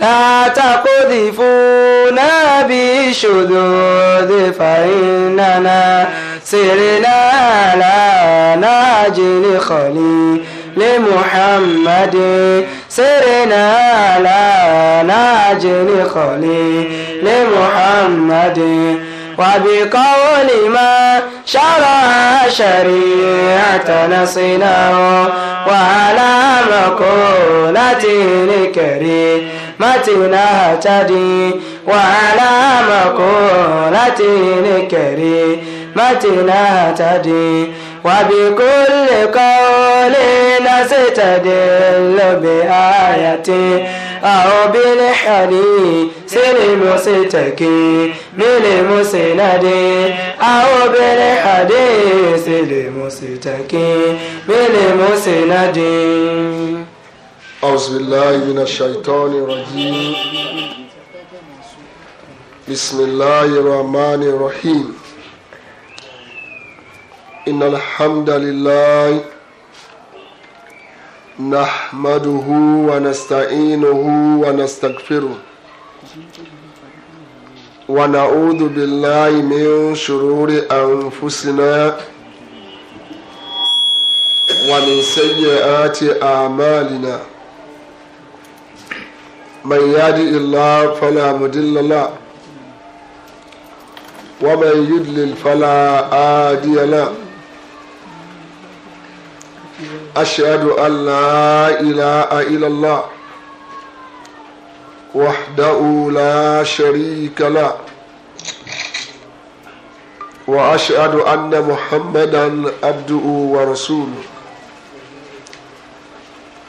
لا تقذفونا بشذوذ فإننا سرنا على ناجل خلي لمحمد سرنا على ناجل خلي لمحمد وبقول ما شرع شريعتنا صنعه وعلى مقولته الكريم متنها تدي وعلى مقولته لكريمتنا تدي وبكل قول نستدل بآية أو بالحديث المستكي بالمسند أو بالحديث المستكي بالمسند أعوذ بالله من الشيطان الرجيم بسم الله الرحمن الرحيم إن الحمد لله نحمده ونستعينه ونستغفره ونعوذ بالله من شرور أنفسنا ومن سيئات أعمالنا من يهدي الله فلا مضل له ومن يضلل فلا هادي له أشهد أن لا إله إلا الله وحده لا شريك له وأشهد أن محمدا عبده ورسوله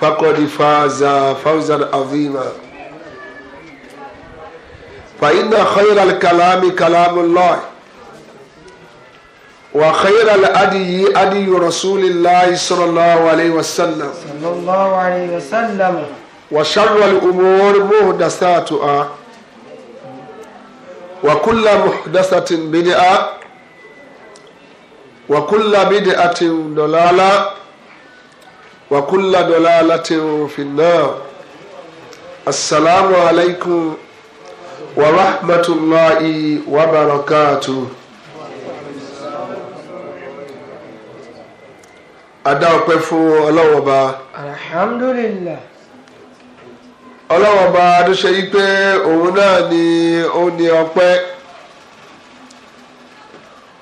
فقد فاز فوزا عظيما فإن خير الكلام كلام الله وخير الأدي أدي رسول الله صلى الله عليه وسلم صلى الله عليه وسلم وشر الأمور محدثاتها وكل محدثة بدعة وكل بدعة ضلالة وكل ضلالة في النار السلام عليكم ورحمة الله وبركاته Adá ọpẹ́ fún Ọlọ́run Ọba. Alhamdulillah. Ọlọ́run Ọba tó ṣe yí pé òun náà ni ó ní ọpẹ́.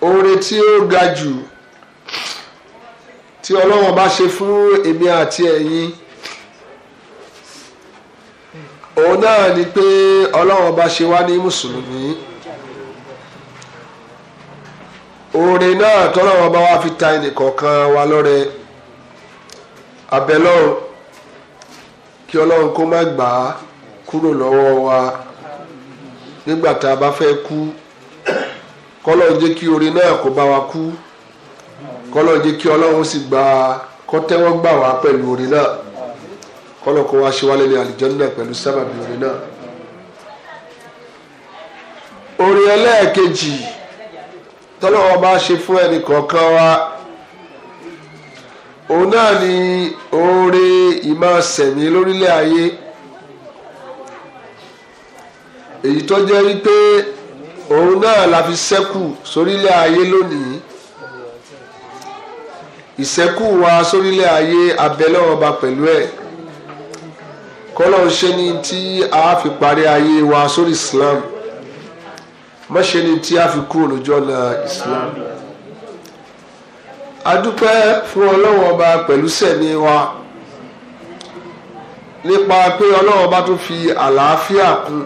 Oore tí ó ga jù tí ọlọ́run bá ṣe fún èmi àti ẹ̀yin òun náà ni pé ọlọ́run bá ṣe wá ní mùsùlùmí orin náà tọ́lọ́run bá wá fi ta ẹnìkọ̀ọ̀kan wa lọ́rẹ abẹ́lọ́run kí ọlọ́run kó má gbà á kúrò lọ́wọ́ wa nígbà tá a bá fẹ́ kú kọ́lọ́run jẹ́ kí orin náà kó bá wa kú kọ́lọ́ jẹ́ kí ọlọ́run sì gba kọ́tẹ́wọ́ gbà wá pẹ̀lú orin náà kọ́lọ́ kó wá ṣe wálé ní àlìjọ́nà pẹ̀lú sábàbí orin náà. orin ẹlẹ́ẹ̀kejì tọ́lọ́wọ́ bá ṣe fún ẹnì kọ̀ọ̀kan wa òun náà ni oore ìmọ̀ọ́sẹ̀mí lórílẹ̀ ayé èyí tó jẹ́ wípé òun náà la fi ṣẹ́kù sórílẹ̀ ayé lónìí ìṣẹ́kù wa sórílẹ̀ ayé abẹ́lẹ́ ọba pẹ̀lú ẹ̀ kọ́lọ́ ṣe ni tí a fi parí ayé wa sórí Islam má ṣe ni tí a fi kúrò lójú ọ̀nà Islam a dúpẹ́ fún ọlọ́wọ́ ọba pẹ̀lú sẹ̀mí wa nípa pé ọlọ́wọ́ ọba tún fi àlàáfíà kún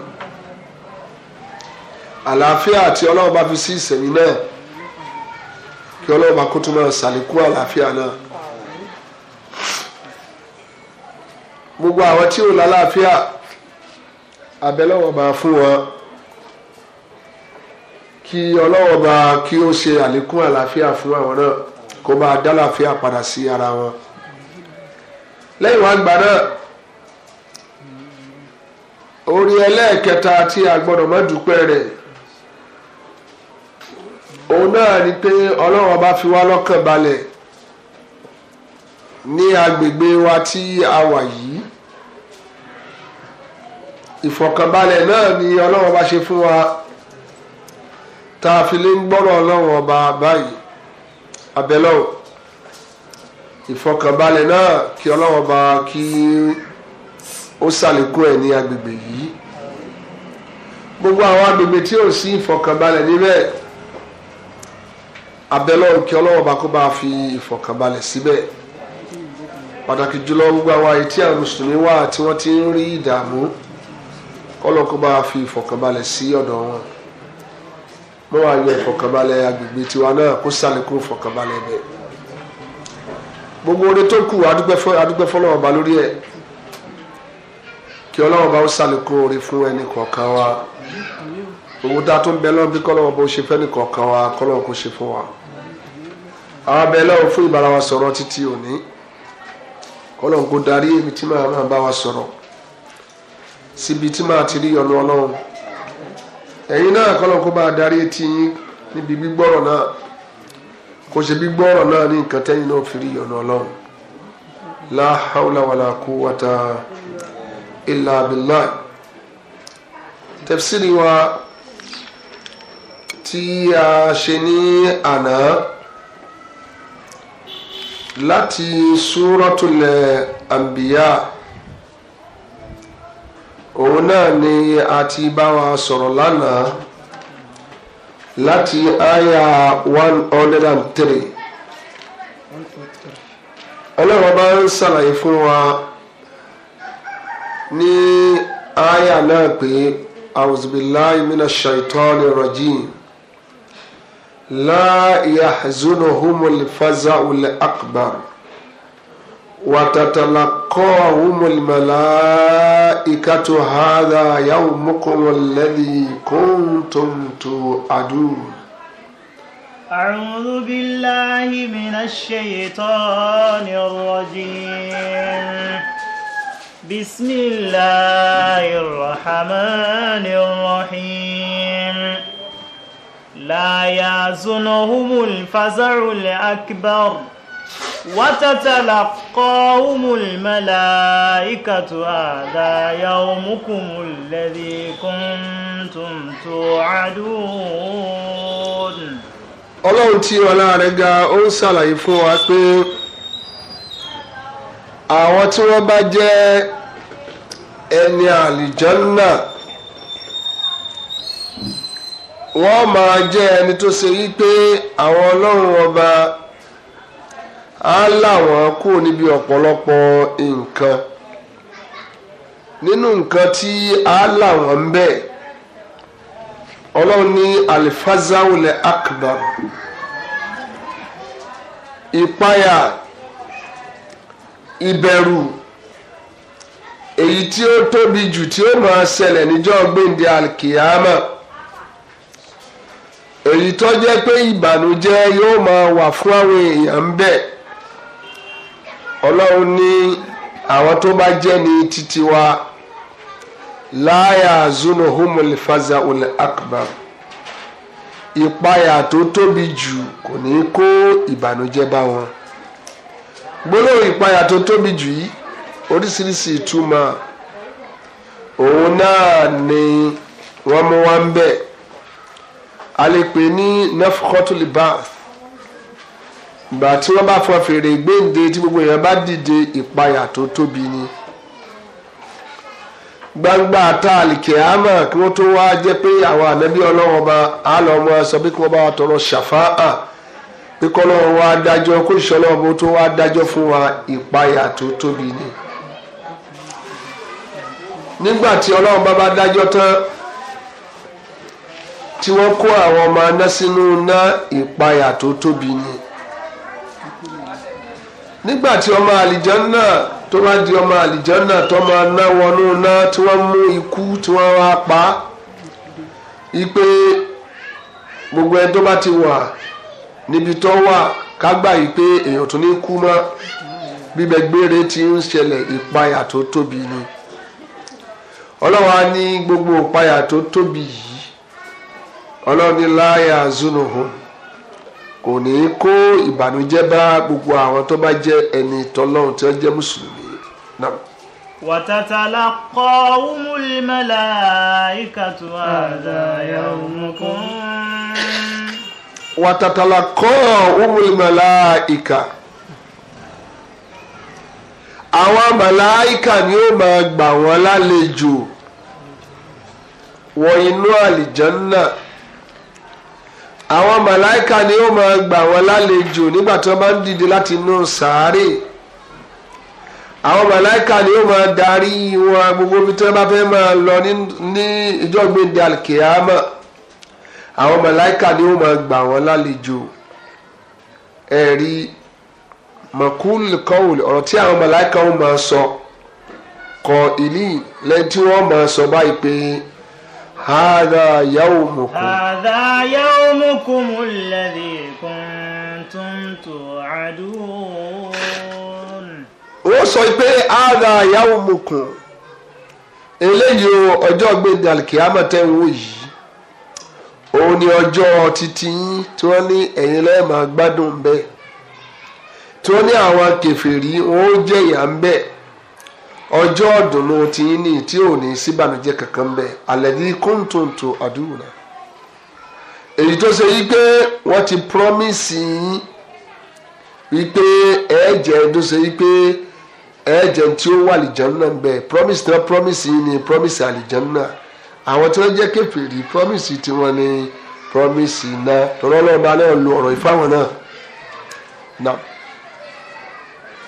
àlàáfíà tí ọlọ́wọ́ ọba fi sí ìsẹ̀mí náà kí ọlọ́run máa kó tó máa ṣàlékú àlàáfíà náà. gbogbo àwọn tí ò lálàáfíà abẹ́lọ́wọ́ máa fún wọn kí ọlọ́wọ́ máa kí ó ṣe àlékún àlàáfíà fún àwọn náà kó máa dálàáfíà padà sí ara wọn. lẹ́yìn wá gbà náà orí ẹlẹ́ẹ̀kẹta tí a gbọ́dọ̀ má dúpẹ́ rẹ̀ òun náà ni pé ọlọ́run ọba fi wá lọ́kàn balẹ̀ ní agbègbè wa tí a wà yìí ìfọ̀kànbalẹ̀ náà ni ọlọ́run ọba ṣe fún wa tá a fi lè ń gbọ́rọ̀ ọlọ́run ọba báyìí abẹ́lọ́wọ̀ ìfọ̀kànbalẹ̀ náà kí ọlọ́run ọba kí ó ṣàlékún ẹ̀ ní agbègbè yìí gbogbo àwọn agbègbè tí ò sí ìfọ̀kànbalẹ̀ níbẹ̀ abẹ́lẹ́ òkè ọlọ́wọ́ bá kó bá a fi ìfọ̀kànbalẹ̀ síbẹ̀ pàtàkì jùlọ gbogbo àwọn àyè tí àwọn mùsùlùmí wà tí wọ́n ti ń rí ìdààmú kọ́lọ́ kó bá a fi ìfọ̀kànbalẹ̀ sí ọ̀dọ̀ wọn mo wà yọ ìfọ̀kànbalẹ̀ agbègbè tiwa náà kó sàlékún ìfọ̀kànbalẹ̀ bẹ̀ gbogbo oore tó kù adúgbẹ́ fọlọ́wọ́ bá lórí ẹ̀ kí ọlọ́wọ́ bá ó sàlékún oore fún ẹnì kọ̀ọ̀kan wa owó tá a tún bẹ lọ́wọ́ bí kọ́lọ́wọ́ bó ṣe fẹ́ nì kọ̀ọ̀kan wa kọ́lọ́wọ́ kó ṣe fún wa àwọn abẹ́lẹ́ ò fún ìbára wa sọ̀rọ̀ títí òní kọ́lọ̀ kó darí èmi tí màá máa bá wa sọ̀rọ̀ síbi tí màá ti rí ọ̀nà ọlọ́run ẹ̀yin náà kọ́lọ̀ kó bá darí etí yín níbi gbígbọ́rọ̀ náà kò ṣe gbígbọ́rọ̀ náà ní nǹkan tẹ́yìn náà fi rí ọ̀nà ọlọ́run la hawla wala quwwata illa billah wa tí a ṣe ní àná láti súratul anbiya òun náà ni a ti bá wa sọ̀rọ̀ lánàá láti àyà one hundred and three ọlọ́run bá ń ṣàlàyé fún wa ní àyà náà pé auzubillahi minash shaitani rajim. لا يحزنهم الفزع الأكبر وتتلقاهم الملائكة هذا يومكم الذي كنتم توعدون أعوذ بالله من الشيطان الرجيم بسم الله الرحمن الرحيم لا يحزنهم الفزع الأكبر وتتلقاهم الملائكة هذا يومكم الذي كنتم توعدون ọlọ́run tí ọlá rẹ̀ ga ó ń ṣàlàyé fún wa pé àwọn tí wọ́n bá jẹ́ ẹni àlìjọ́nà náà wọ́n máa jẹ́ ẹni tó ṣe wípé àwọn ọlọ́run ọba á là wọ́n kúrò níbi ọ̀pọ̀lọpọ̀ nǹkan nínú nǹkan tí á là ń bẹ̀ ọlọ́run ní alifazawulẹ̀ akbar ìpayà ìbẹ̀rù èyí tí ó tóbi jù tí ó máa ṣẹlẹ̀ níjọ́ gbèǹde alkiyama. Al èyí tó jẹ́ pé ìbànújẹ́ yóò máa wà fún àwọn èèyàn ń bẹ ọlọ́run ní àwọn tó bá jẹ́ ní títí wa láyà zunuhumul faza ul akbar ìpayà tó tóbi jù kò ní kó ìbànújẹ́ bá wọn gbólóhùn ìpayà tó tóbi jù yìí oríṣiríṣi ìtumọ̀ òun náà ni wọ́n mú wá ń bẹ́ẹ̀ a lè pè ní nefkotuli bath ìgbà tí wọ́n bá fọ fèrè gbéǹde tí gbogbo èèyàn bá dìde ìpayà tó tóbi ni gbangba ta àlìkè àmà kí wọ́n tó wá jẹ́ pé àwọn ànábí ọlọ́run ọba àlọ́ ọmọ sọ pé kí wọ́n bá wa tọrọ ṣàfáà pé kọ́ lọ́run wá dájọ́ kó ìṣọ́lọ́ ọmọ tó wá dájọ́ fún wa ìpayà tó tóbi ni nígbà tí ọlọ́run bá bá dájọ́ tán tí wọ́n kó àwọn ọmọ aná sínú ná ìpayà tó tóbi ni nígbà tí ọmọ àlìjànnà tó bá di ọmọ àlìjànnà tó máa ná wọnú ná tí wọ́n mú ikú tí wọ́n wá pa á ipe gbogbo ẹni tó bá ti wà níbi tó wà kágbà yìí pé èèyàn tó ní kú mọ́ bíbẹ gbére ti ń ṣẹlẹ̀ ìpayà tó tóbi ni ọlọ́wà ní gbogbo ìpayà tó tóbi yìí ọlọ́ni láyà zunuhun kò ní í kó ìbànújẹ́ bá gbogbo àwọn tó bá jẹ́ ẹni tọ́lọ́run tí wọ́n jẹ́ mùsùlùmí náà. وتتلقاهم الملائكة هذا يومكم وتتلقاهم الملائكة àwọn màláìkà ni ó máa gbà wọ́n lálejò wọ inú àlìjánná náà àwọn màláìka ni ó máa gbà wọn lálejò nígbà tí wọn bá ń dìde láti inú sàárè àwọn màláìka ni ó máa darí wọn gbogbo ibi tí wọn bá fẹ́ máa lọ ní ìjọgbìndì alkiyama àwọn màláìka ni ó máa gbà wọn lálejò ẹ̀rí mọ̀kúlùkọ́wùlì ọ̀rọ̀ tí àwọn màláìka ó máa sọ kọ ìlú lẹ́yìn tí wọ́n máa sọ báyìí pé. هذا يومكم هذا يومكم الذي كنتم توعدون ó sọ pé ààrà yawmukum eléyìí o ọjọ́ gbẹ̀dẹ̀ alikiyama tẹ́ ń wò yìí òun ni ọjọ́ titi yín tí wọ́n ní ẹ̀yin lẹ́ẹ̀ máa gbádùn bẹ́ẹ̀ tí wọ́n ní àwọn kèfèrí wọn jẹ̀yà ọjọ́ ọ̀dùnnú tí yín ní tí ò ní síbànújẹ́ kankan bẹ́ẹ̀ àlẹ́dí kóńtòǹtò àdúrà èyí tó ṣe yí pé wọ́n ti promise yín wípé ẹ̀ẹ́jẹ̀ tó ṣe yí pé ẹ̀ẹ́jẹ̀ tí ó wà àlìjánná bẹ́ẹ̀ promise náà promise yín ni promise àlìjánná àwọn tí wọ́n jẹ́ kèfèrí promise tiwọn ni promise náà tọ́lọ́lọ́ba náà lo ọ̀rọ̀ ìfáwọn náà náà.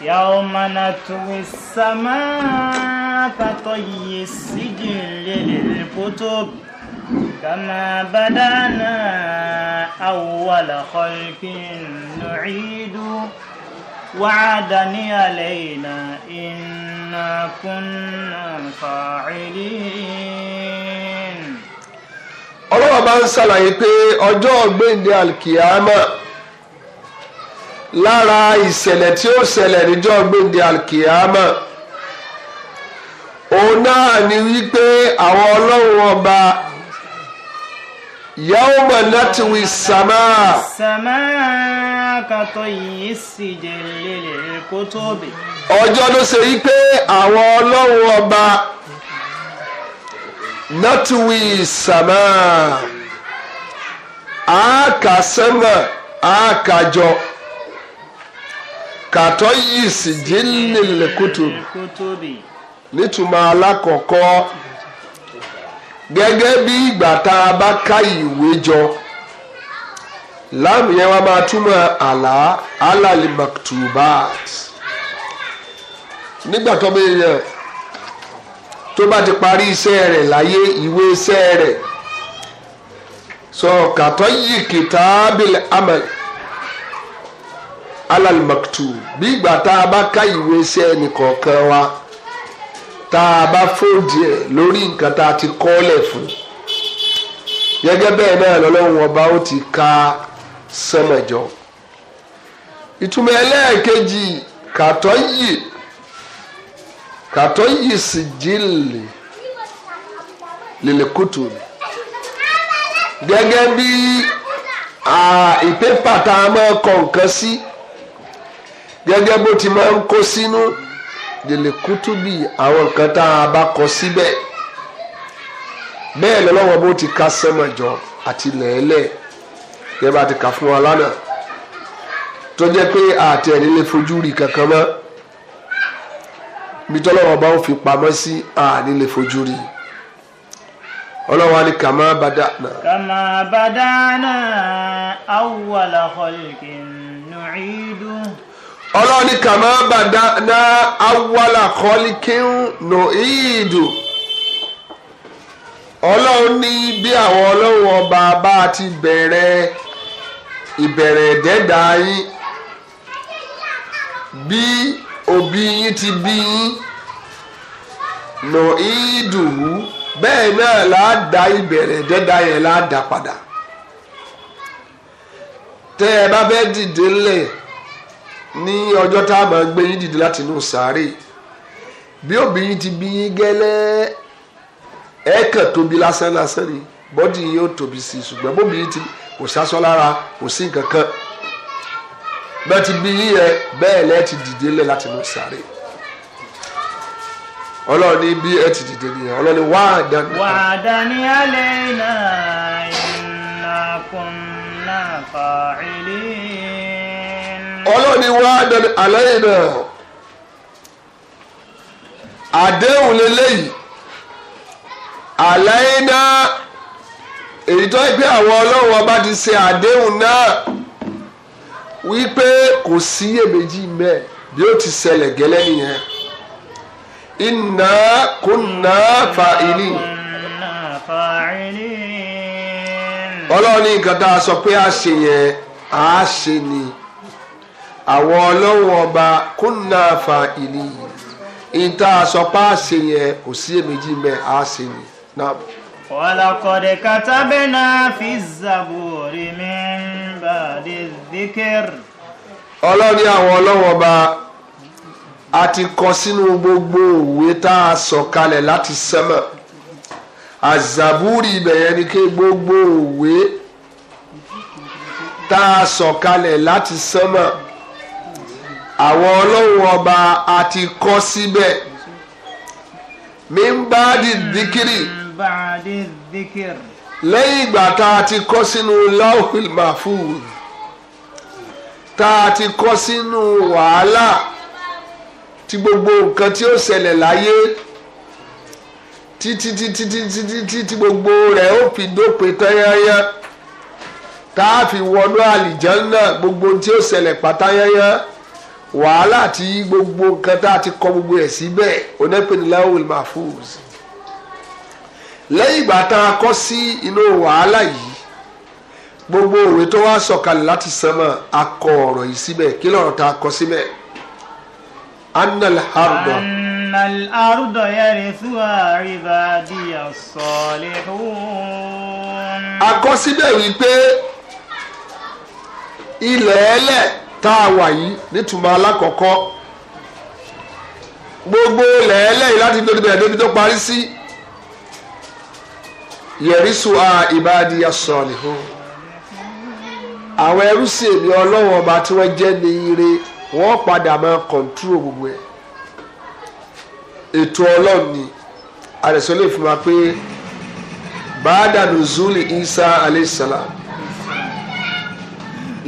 يوم نطوي السماء كطي السجل للكتب كما بدانا أول خلق نعيد وعدني علينا إنا كنا فاعلين الله bá ń ṣàlàyé pé ọjọ́ ọ̀gbẹ́ndé lára ìṣẹ̀lẹ̀ tí ó ṣẹlẹ̀ níjọ́ gbèǹde alkiyama òun náà ni wípé àwọn ọlọ́run ọba yawma natwi samaa. samaa kàtọ́ yìí sì jẹ́ lélẹ̀ kó tóbi. ọjọ́ ló ṣe wípé àwọn ọlọ́run ọba natwi samaa àákà sẹ́mà àákà jọ kàtọ́ yìí sì jẹ́ nílẹ̀ kótó nítumọ̀ alákọ̀ọ́kọ́ gẹ́gẹ́ bí ìgbà tá a bá ká ìwé jọ láàmù yẹn wá máa túmọ̀ àlá alali maktubat nígbà tó bá yẹ tó bá ti parí iṣẹ́ rẹ̀ láyé ìwé iṣẹ́ rẹ̀ sọ kàtọ́ yìí kìtàbílẹ̀ amẹ́lẹ̀ alal maktub bí ìgbà tá a bá ká ìwé iṣẹ́ ẹnìkọ̀ọ̀kan wa tá a bá fòdì ẹ̀ lórí nǹkan tá a ti kọ́lẹ̀ fún gẹ́gẹ́ bẹ́ẹ̀ náà lọ́lọ́run ọba ó ti ka sẹ́mẹ̀jọ. ìtumọ̀ ẹlẹ́ẹ̀kejì kàtọ́ yìí kàtọ́ yìí sì jíìlì lèlèkùtù gẹ́gẹ́ bí ìpépà tá a máa kọ nǹkan sí. Si, gẹ́gẹ́ bó ti máa ń kó sínú lèlè kútùbì àwọn nǹkan tá a bá kọ síbẹ̀ bẹ́ẹ̀ lọ́wọ́ bó ti ka sẹ́mọ̀jọ àti lẹ́ẹ̀lẹ́ gẹ́gẹ́ bá ti kà fún wa lánàá tó jẹ́ pé àti ẹ̀rí lè fojú rí kankan mọ́ bí tọ́lọ́wọ́ bá ń fi pamọ́ sí àní lè fojú rí ọlọ́wọ́ ni bada'na. kàmá bada'na awwala khalqin nu'idu. ọlọ́run ní kàmá bàdá ná awala kọ́líkín nù ìdù ọlọ́run ní bí àwọn ọlọ́run ọba bá ti bẹ̀rẹ̀ ìbẹ̀rẹ̀ ẹ̀dẹ́dà yín bí òbí ti bí yín nù ìdù bẹ́ẹ̀ náà láà ìbẹ̀rẹ̀ ẹ̀dẹ́dà yẹn padà tẹ́ ẹ bá ní ọjọ́ tá a máa gbé yín dìde láti inú sàárè bí òbí ti bí yín gẹ́lẹ́ ẹ kàn tóbi lásán lásán ni bọ́dì yín ó tóbi sí i ṣùgbọ́n bóbi yín ti kò sásọ lára kò sí nǹkan kan bẹ́ẹ̀ ti bí yín yẹ bẹ́ẹ̀ lẹ́ẹ̀ ti dìde lẹ́ láti inú sàárè ọlọ́run bí ẹ ti dìde nìyẹn ọlọ́run ní wàá dání. wàá dání alẹ́ náà ìnàkùn náà fàáìlì ọlọ́ọ̀ni wá dẹ̀bi alẹ́ yìí náà àdéhùn lélẹ́yìí alẹ́ yìí náà èyí tó yẹ pé àwọn ọlọ́run ọba ti ṣe àdéhùn náà wípé kò sí iyèméjì mẹ́ẹ̀ bí ó ti ṣẹlẹ̀ gẹ́lẹ́ nìyẹn iná kùnà fàìlì ọlọ́run ní nǹkan tá a sọ pé a ṣe yẹn a ṣe ni àwọn ọlọ́run ọba kúnlá fa ìlú yìí ìta àsọpá àṣẹ yẹn kò sí èméjì mẹ́ àṣẹ ni. ولقد كتبنا في الزبور من بعد الذكر ọlọ́ni àwọn ọlọ́run ọba a ti kọ sínú gbogbo òwe tá a sọ kalẹ̀ láti sẹ́mọ̀ àzàbúrì ìbẹ̀yẹn ni ké gbogbo òwe tá a sọ kalẹ̀ láti sẹ́mọ̀ àwọn ọlọ́run ọba àti kọ́ síbẹ̀ mi ń bá di dìkìrì lẹ́yìn ìgbà tá a ti kọ́ sínú lauhil mahfuz tá a ti kọ́ sínú wàhálà ti gbogbo nǹkan tí ó ṣẹlẹ̀ láyé títí títí títí títí tí gbogbo rẹ̀ ó fi dópin tẹ́yẹ́yẹ́ tá a fi wọnú àlìjànnà gbogbo tí ó ṣẹlẹ̀ pátáyẹ́yẹ́ wàhálà tí gbogbo nǹkan tá a ti kọ gbogbo ẹ̀ síbẹ̀ onẹ́pẹ̀ni láwùl mahfuz lẹ́yìn ìgbà tá a kọ́ sí inú wàhálà yìí gbogbo òwe tó wá sọ̀kalẹ̀ láti sánmọ̀ a kọ ọ̀rọ̀ yìí síbẹ̀ kí lọ́rọ̀ tá a kọ síbẹ̀ annal ardo. annal ardo yarithuha ibadiya salihun. a kọ síbẹ̀ wípé ilẹ̀ ẹlẹ́ẹ̀ tá a wà yìí nítumọ̀ alákọ̀ọ́kọ́ gbogbo lẹ́ẹ̀lẹ́yìn láti dóbi bẹ̀rẹ̀ dóbi tó parí sí yẹ̀rísù a ìbáàdì asọ̀ọ̀lì hó àwọn ẹrú sí èmi ọlọ́wọ́ ọba tí wọ́n jẹ́ ní ire wọ́n padà máa kọ̀ǹtúrò gbogbo ẹ̀ ètò ọlọ́run ni àdẹ̀sọ́ fún wa pé bàádà nùzúlì Isa alayhi salam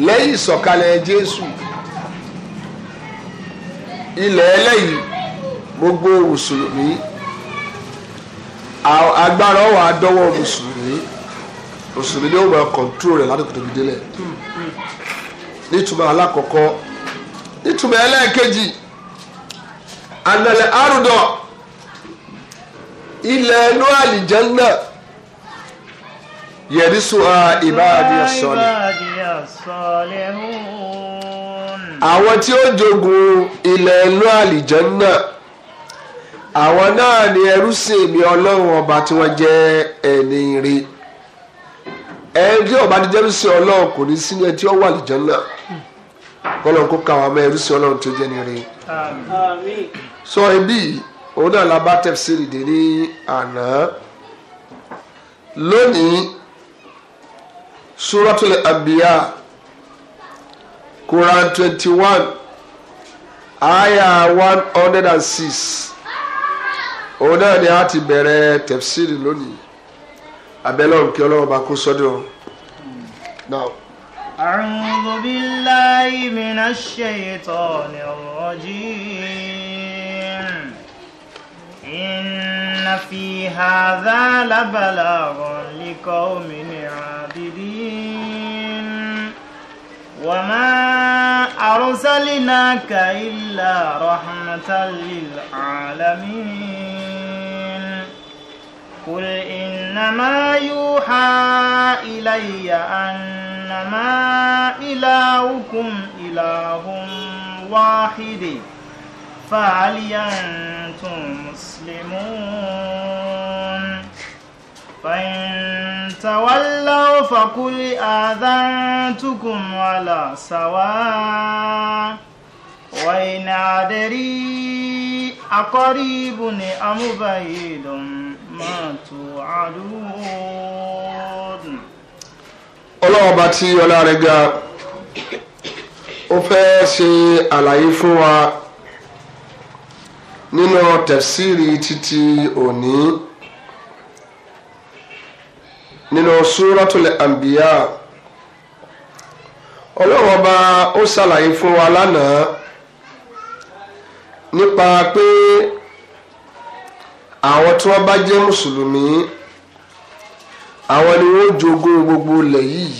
lẹ́yìn ìsọ̀kalẹ̀ jésù ilẹ̀ ẹlẹ́yìn gbogbo mùsùlùmí agbára wà dọ́wọ́ mùsùlùmí mùsùlùmí ni ó máa kọ̀ǹtúrò rẹ̀ ládùúgbò tóbi délẹ̀ nítumọ̀ alákọ̀ọ́kọ́ nítumọ̀ ẹlẹ́ẹ̀kejì ànàlẹ̀ àrùdọ̀ ilẹ̀ inú àlìjẹ́ náà yarisuha ibadiya salihun. àwọn tí ó jogun ilẹ̀ inú àlìjẹ́nnà àwọn náà ni ẹrú sì mi ọlọ́run ọba tí wọ́n jẹ́ ẹni rí ẹni tí ọba ti jẹ́ ẹrúsìn ọlọ́run kò ní sínú ẹni tí ó wà àlìjẹ́nnà kọ́lọ́n kó ka àwọn ọmọ ẹrúsìn ọlọ́run tó jẹ́ ẹni rí. sọ ibi òun náà la bá tẹ̀síìrì dé ní àná lónìí suratul Abiya, quran 21, one aya one hundred and six òun náà ni a ti bẹ̀rẹ̀ tẹ̀fsíìrì lónìí abẹ́lẹ́ òǹkí ọlọ́run bá kó sọ́dọ̀ now. أعوذ بالله من الشيطان الرجيم إن في هذا لبلاغ لقوم عابدين وما أرسلناك إلا رحمة للعالمين قل إنما يوحى إلي أنما إلهكم إله واحد فهل أنتم مسلمون فإن تولوا فقل آذنتكم على سواء وإن أدري أقريب أم بعيد ما توعدون ọlọ́wọ́ bá tí ọlá rẹ̀ ga ó fẹ́ ṣe àlàyé fún wa nínú tẹ̀síìrì títí òní nínú súratul àǹbíyá ọlọ́wọ́n bá ó ṣàlàyé fún wa lánàá nípa pé àwọn tí wọ́n bá jẹ́ mùsùlùmí àwọn ni wọ́n jogún gbogbo ilẹ̀ yìí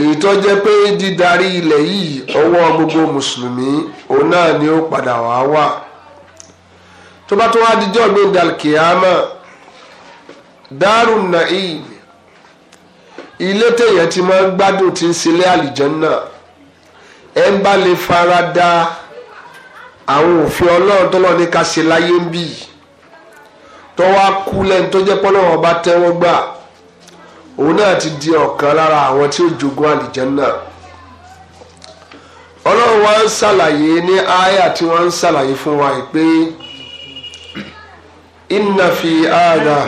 èyí tó jẹ́ pé dídarí ilẹ̀ yìí ọwọ́ gbogbo mùsùlùmí òun náà ni ó padà wá wà tó bá tó wá dijọ́ gbẹ̀dẹ̀ alkiyama dárùn naim ilé téèyàn ti máa ń gbádùn tí ń sílé àlìjánná ẹ ń bá lè fara da àwọn òfin ọlọ́run tó lọ́ọ́ ní ká ṣe láyé ń bì tó wá kú lẹ́nu tó jẹ́ pọ́nlọ́wọ́ bá tẹ́wọ́ gbà òun náà ti di ọ̀kan lára àwọn tí ó jogún àlìjánná ọlọ́run wa ń ṣàlàyé ní àyà tí wọ́n ń fún wa pé inna fi àdà.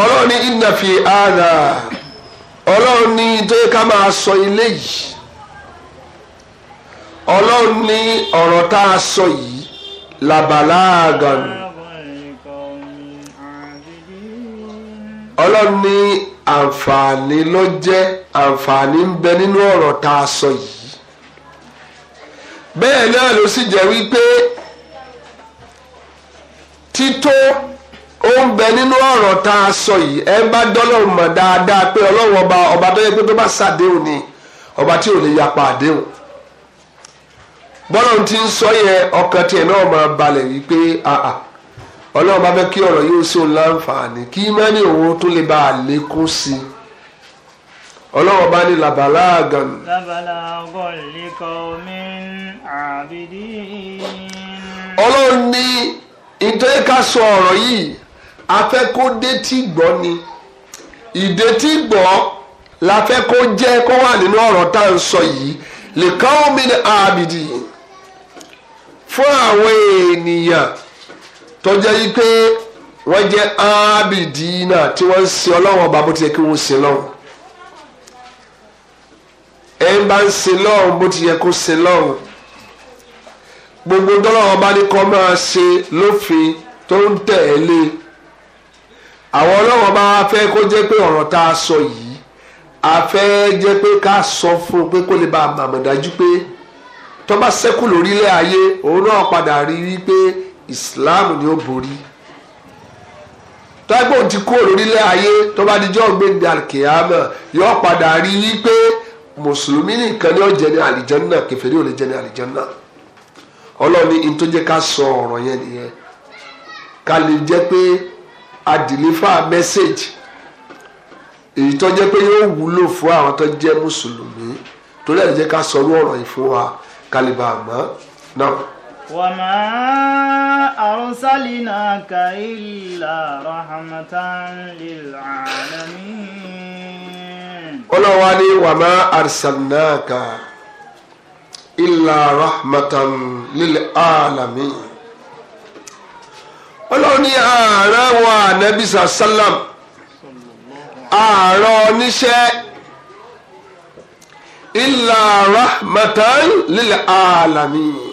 ọlọ́run ní fi ọlọ́run ní tó sọ ilé yìí ọlọ́run ní àǹfààní ló jẹ́ àǹfààní ń bẹ nínú ọ̀rọ̀ tá sọ yìí bẹ́ẹ̀ náà ló sì jẹ́ wípé tító ó ń bẹ nínú ọ̀rọ̀ tá sọ yìí ẹ bá dọ́lọ́run mọ̀ dáadáa pé ọlọ́run ọba ọba tó yẹ pé tó bá ọba tí ò lè bọ́lọ́run ti ń sọ yẹ ọkàn ọlọ́run bá fẹ́ kí ọ̀rọ̀ yóò ṣe òun láǹfààní kí mẹ́rin òun tún lè bá a lékún sí i ọlọ́run bá ní làbàlá àgàn. làbàlá ọgọ́ ìlékọ́ mi àbídí. ọlọ́run ní ìtẹ́ ká sọ ọ̀rọ̀ yìí a fẹ́ kó détí gbọ́ ni ìdétí gbọ́ la fẹ́ kó jẹ́ kó wà nínú ọ̀rọ̀ tá à ń sọ yìí lè ká omi àbídí fún àwọn ènìyàn tó jẹ́ yí pé wọ́n jẹ́ ábìdínà tí wọ́n ń sin ọlọ́run ọba bó ti yẹ kí wọ́n sin lọ́run ẹ ń bá ń sin lọ́run bó ti yẹ kó sin lọ́run gbogbo dọ́lọ́run bá ní kọ́ máa ṣe lófin tó ń tẹ̀lé àwọn ọlọ́run bá wá kó jẹ́ pé ọ̀rọ̀ tá a sọ yìí a fẹ́ jẹ́ pé ká sọ fún pé kó lè bá a mọ̀ dájú pé tó bá ṣẹ́kù ayé òun náà padà rí wípé islam ni ó borí tọ́gbọ́n ti kúrò lórílẹ̀ ayé tó bá di jọ́ gbẹ̀ndẹ̀ àkèámà yóò padà rí i pé mùsùlùmí nìkan ni ó jẹ ní àlìjánná kèfèrí ò lè jẹ ní àlìjánná ọlọ́ọ̀ni in tó jẹ́ ká sọ ọ̀rọ̀ yẹn nìyẹn ká lè jẹ́ pé a deliver message èyí tó jẹ́ pé yóò wúlò fún àwọn tó jẹ́ mùsùlùmí torí ẹ̀ lè jẹ́ ká sọ ọ̀rọ̀ yìí fún wa ká lè bá a mọ̀ náà. وما أرسلناك إلا رحمة للعالمين ọlọ́wà ni wàmà arsalnaka ilà rahmatan lil alamin ọlọ́wà ni ààrẹ wa nabi sallam ààrẹ oníṣẹ́ ilà rahmatan lil alamin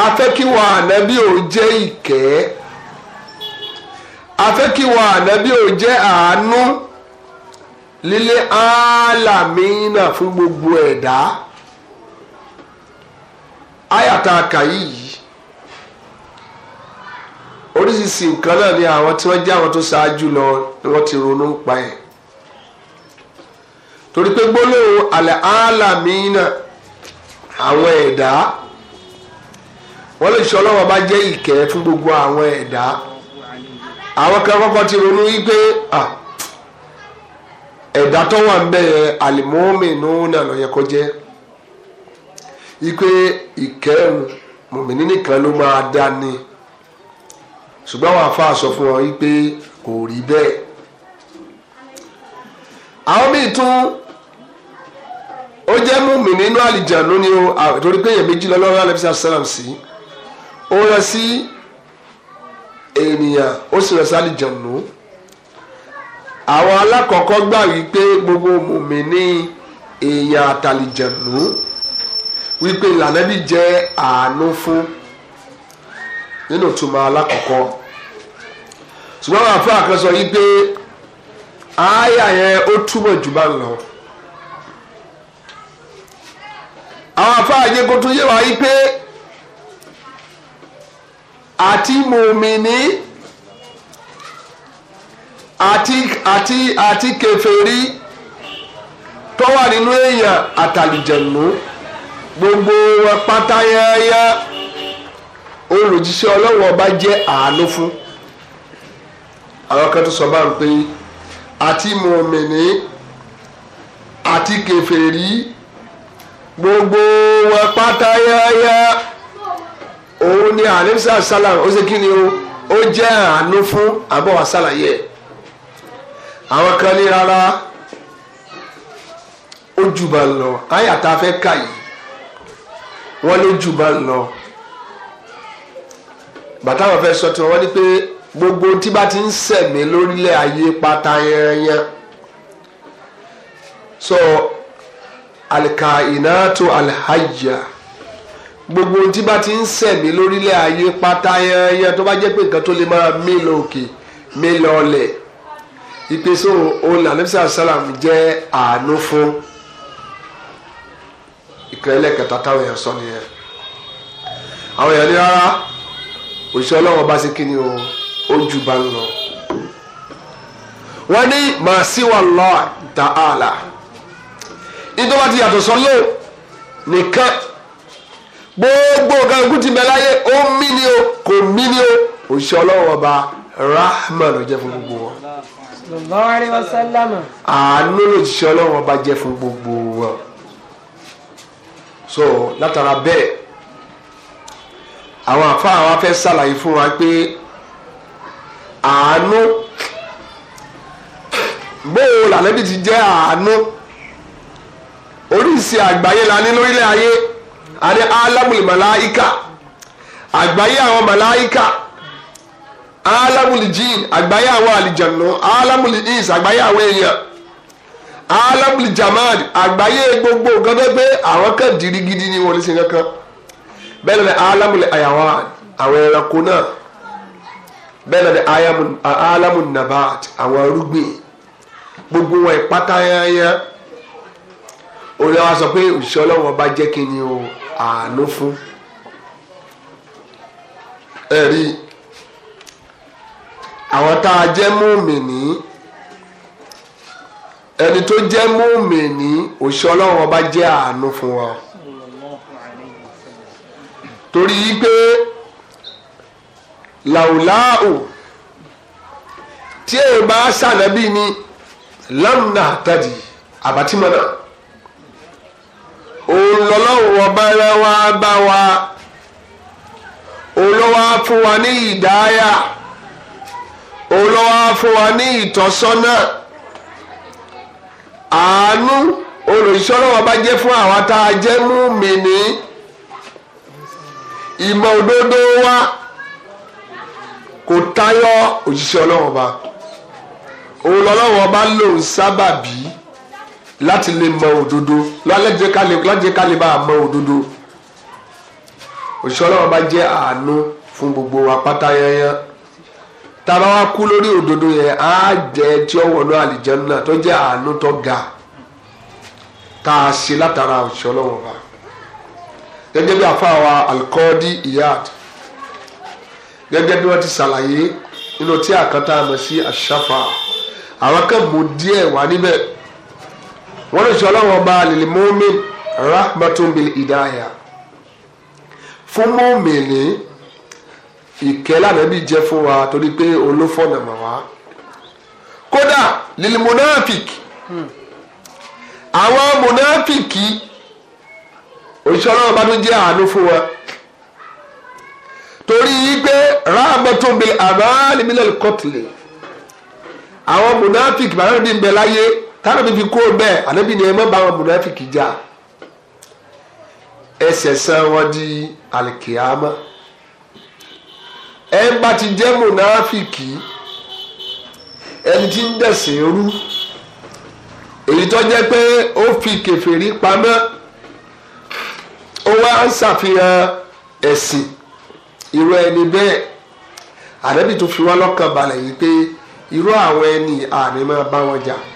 afẹ́kíwọ̀ ànábì ò jẹ́ ìkẹ́ afẹ́kíwọ̀ ànábì ò jẹ́ àánú lílé áálàmínà fún gbogbo ẹ̀dá ayàtà kàyí yìí oríṣiríṣi nǹkan náà ni àwọn tí wọ́n jẹ́ àwọn tó ṣáájú lọ ni wọ́n ti ronú pa ẹ̀ torí pé gbólóhùn àlẹ́ àwọn ẹ̀dá. E wọ́n lè ṣe ọlọ́wọ́ bá jẹ́ ìkẹ́ fún gbogbo àwọn ẹ̀dá àwọn kan kọ́kọ́ ti ronú wípé ẹ̀dá tó wà ń bẹ̀ yẹn àlìmọ́ọ́mì nùnà yẹ kó wípé ìkẹ́ mùmìnì nìkan ló máa dá ni ṣùgbọ́n àwọn àfáà sọ fún wọn wípé kò rí bẹ́ẹ̀ àwọn míì tún ó jẹ́ mùmìnì nínú àlìjànú ni o torí pé èèyàn méjì alẹ́ fi sàlám sí i ó rẹ sí ènìyàn ó sì rẹ sálì jànú àwọn alákọ̀ọ́kọ́ gbà wípé gbogbo mùmíní èèyàn àtàlìjànú wípé lànàbí jẹ́ àánú fún nínú ìtumọ̀ alákọ̀ọ́kọ́ ṣùgbọ́n àwọn àfáà kan sọ yìí pé àáyà yẹn ó túmọ̀ jù bá lọ. àwọn àfáà yẹ kó tún yé wa yìí Ati mùmíní àti Ati ati kèfèrí tó wà nínú èèyàn àtàlìjẹ̀nù gbogbo wọn pátá yányá olùjíṣẹ́ ọlọ́wọ́ ọba jẹ́ àánú fún àwọn kan tó sọ bá ń pè àti mùmíní àti kèfèrí gbogbo wọn pátá yányá òun ni àlẹ́sà sálàm ó ṣe kí ni o ó jẹ́ àánú fún àbọ̀wá sàlàyé ẹ̀ àwọn kan ní rárá ó jùbà lọ àyà tá a fẹ́ kà yìí wọ́n ló jùbà lọ bàtà wọn fẹ́ sọ tí wọ́n ní pé gbogbo tí bá ti ń sẹ̀mí lórílẹ̀ ayé pátá yẹnyẹn so alikainatu alhajja gbogbo tí bá ti ń sẹ̀mí lórílẹ̀ ayé pátá yẹnyẹ tó bá jẹ́ pé nǹkan tó lè máa mí lọ òkè mí lọ ọlẹ̀ ìpèsè òun àlẹ́bíṣà sálàm jẹ́ àánú fún ìkẹ́lẹ́ kẹta táwọn èèyàn sọ nìyẹn àwọn èèyàn ní rárá òṣìṣẹ́ ọlọ́wọ́ bá ṣe kí ni o ó ju bá ń lọ. wọ́n ní màá sí wà lọ́ọ̀ tààlà nítorí wọ́n ti yàtọ̀ sọ́lé nìkan gbogbo nǹkan ikú ti bẹ láyé ó mí ni o kò mí ni o òṣìṣẹ́ ọlọ́run ọba rahma jẹ́ fún gbogbo wọn. àánú ló ṣiṣẹ́ ọlọ́run jẹ́ fún gbogbo wọn. so látara bẹ́ẹ̀ àwọn àfáà wa fẹ́ ṣàlàyé fún wa pé àánú bóòlù àlẹ́bí ti jẹ́ àánú oríṣi àgbáyé la ní lórílẹ̀ ayé àní alamul malaika àgbáyé àwọn malaika alamul jin àgbáyé àwọn àlìjànú alamul is àgbáyé àwọn èèyàn alamul jamal àgbáyé gbogbo nǹkan tó gbé àwọn kan dìrí gidi ni wọn lè ṣe kankan bẹ́ẹ̀ ni alamul ayawan àwọn ẹranko náà bẹ́ẹ̀ ni alamul nabat àwọn arúgbìn gbogbo wọn ìpátá yányán olùyàwó sọ pé òṣìṣẹ́ ọlọ́wọ́n bá jẹ́ kí ni o àánú fún ẹ̀rí àwọn tá a jẹ́ mùmìnì ẹni tó jẹ́ mùmìnì òṣìṣẹ́ ọlọ́run ọba jẹ́ àánú fún wa torí pé làwùláàwù tí èèyàn bá ni lámùnà tàdí àbátímọ̀ náà òun lọ́lọ́run ọba rẹ̀ wá bá wa òun ló wá fún wa ní ìdáyà òun ló wá fún wa ní ìtọ́sọ́nà àánú olùsọ́lọ́wọ́ jẹ́ fún àwa tá a jẹ́ mú mi ní ìmọ̀ òdodo wa kò tayọ òjíṣẹ́ ọlọ́wọ́ ba òun lòun sábàbí láti lè mọ òdodo láti ká lè bá a mọ òdodo òṣìṣẹ́ ọlọ́run bá jẹ́ àánú fún gbogbo wa pátá yanyan tá a bá wá kú lórí òdodo yẹn á jẹ tí ó wọnú àlìjẹ́nà tó jẹ́ àánú tó ga tá a ṣe látara òṣìṣẹ́ ọlọ́run wa gẹ́gẹ́ bí àfa wa alikọ́ọ́dí ìyáàd gẹ́gẹ́ bí wọ́n ti ṣàlàyé nínú tí àkàtà mọ̀ sí àṣàfà àwọn kan mú díẹ̀ wá níbẹ̀ wọ́n lè ṣe ọlọ́run ọba lil mu'min rahmatun bil hidaya fún mọ́mìnì ìkẹ́ lànàbí jẹ́ fún wa torí pé olófọ̀nà mọ̀ wá kódà lil munafik àwọn munafiki òṣìṣẹ́ bá tún jẹ́ àánú fún wa torí pé rahmatun bil amali minal àwọn munafik bàbá mi bí ń bẹ láyé tánà bíbí kó bẹ́ẹ̀ ànábì ni ẹ má bá wọn mùnáfìkì jà ẹ sẹ̀sán wọn di àlìkìyàmá ẹ bá ti jẹ́ mùnáfìkì ẹni tí ń dẹ̀sìn rú èyí tó jẹ́ pé ó fi kèfèrí pamọ́ ó wá ń ṣàfihàn ẹ̀sìn irú ẹni bẹ́ẹ̀ ànábì tó fi wá lọ́kàn balẹ̀ yìí pé irú àwọn ẹni àní máa bá wọn jà. Ja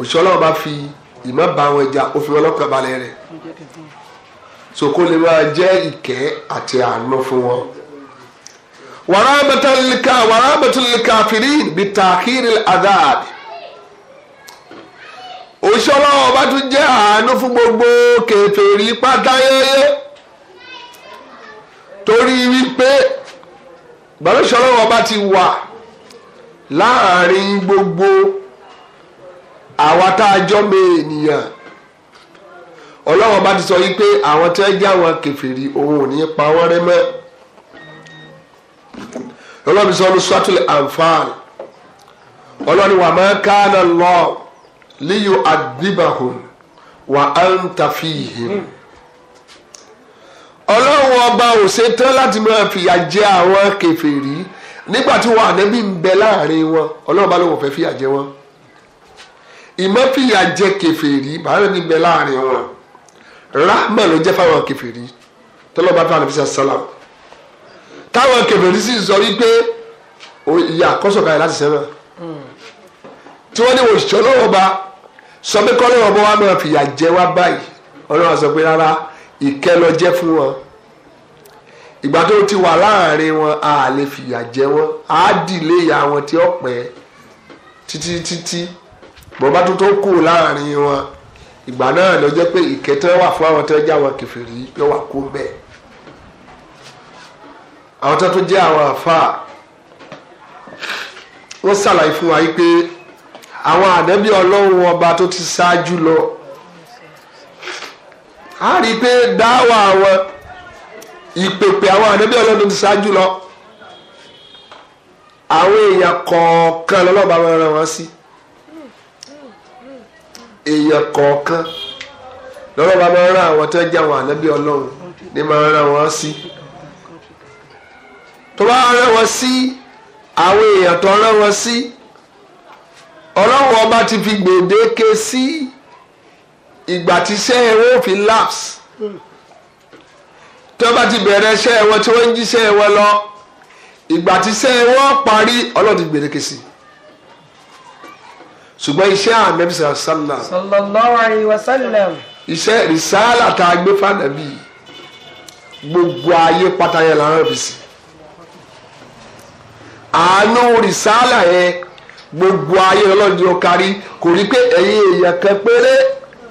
òṣìṣẹ́ ọlọ́run bá fi ìmọ̀ bá wọn jà ó fi wọn lọ́kàn balẹ̀ rẹ̀ so kó lè máa jẹ́ ìkẹ́ àti àánú fún wọn. wàrà bàtàlíkà wàrà bàtàlíkà fìrí bí tàkìrì àdáàd òṣìṣẹ́ ọlọ́run tún jẹ́ àánú fún gbogbo kèfèrí pátáyéyé torí wípé bàbá ìṣọ́lọ́wọ́ ti wà láàrin gbogbo àwa tá a jọ́ mé ènìyàn ọlọ́run bá ti sọ yí pé àwọn tí wọ́n jẹ́ àwọn kèfèrí òun ò ní pa wọ́n rẹ́ mọ́ ọlọ́run sọ ní sọ́tùlẹ̀ àǹfààní ọlọ́run wà máa ká náà lọ líyù àdìbàhùn wà á ń tàfihìn ọlọ́run ọba ò ṣetán láti máa fìyà jẹ àwọn kèfèrí nígbà tí wọn ànẹ́bí ń bẹ láàrin wọn ọlọ́run bá lóun fẹ́ fìyà jẹ wọn ìmọ̀fìyà jẹ kẹfẹ́rì bàárà mi bẹ láàrin wọn rahma ló jẹ́ fáwọn kẹfẹ́rì tọ́lọ́ba fún àlùfíà sálàm táwọn kẹfẹ́rì sì sọ wípé ìyá kọ́sọ̀ká yẹn láti sẹ́wọ̀n tí wọ́n ní òṣìṣẹ́ ọlọ́wọ́ bá sọ pé kọ́lọ́wọ́ bá wà máa fìyà jẹ wá báyìí ọlọ́wọ́ sọ pé rárá ìkẹ́ lọ jẹ́ fún wọn ìgbà tó ti wà láàrin wọn a lè fìyà jẹ wọn á dìlé ìyá wọn tí ó títí títí bó bá tó tó kù láàrin wọn ìgbà náà ló jẹ́ pé ìkẹtẹ́ wà fún àwọn tó jẹ́ àwọn kẹfìrí yọ wà kó bẹ́ẹ̀ àwọn tó tó jẹ́ àwọn àfáà wọ́n ṣàlàyé fún wa yìí pé àwọn ànábì ọlọ́run ọba tó ti ṣáájú lọ a rí i pé dáwà àwọn ìpèpè àwọn ànábì ọlọ́run tó ti ṣáájú lọ àwọn èèyàn kọ̀ọ̀kan lọ́lọ́ba wọn rán wọn sí. Si èèyàn kọ̀ọ̀kan lọ́rọ̀ bá máa ń rán àwọn tó jẹ́ àwọn ànábì ọlọ́run ní máa ń rán wọn sí tó bá rán wọn sí àwọn èèyàn tó rán wọn sí ọlọ́run ọba ti fi gbèdéke sí ìgbà tí iṣẹ́ wọn fi lapse tí wọ́n bá ti bẹ̀rẹ̀ iṣẹ́ wọn tí wọ́n ń jíṣẹ́ wọn lọ ìgbà tí iṣẹ́ wọn parí ọlọ́run ti gbèdéke sí i ṣùgbọ́n iṣẹ́ ànábì sallam. sallallahu alayhi wa sallam. iṣẹ́ rìsáàlà tá a gbé fànàbí gbogbo ayé pátá yẹn làwọn fi sí. àánú rìsáàlà yẹn gbogbo ayé ọlọ́run yóò kárí kò rí pé ẹ̀yin èèyàn kan péré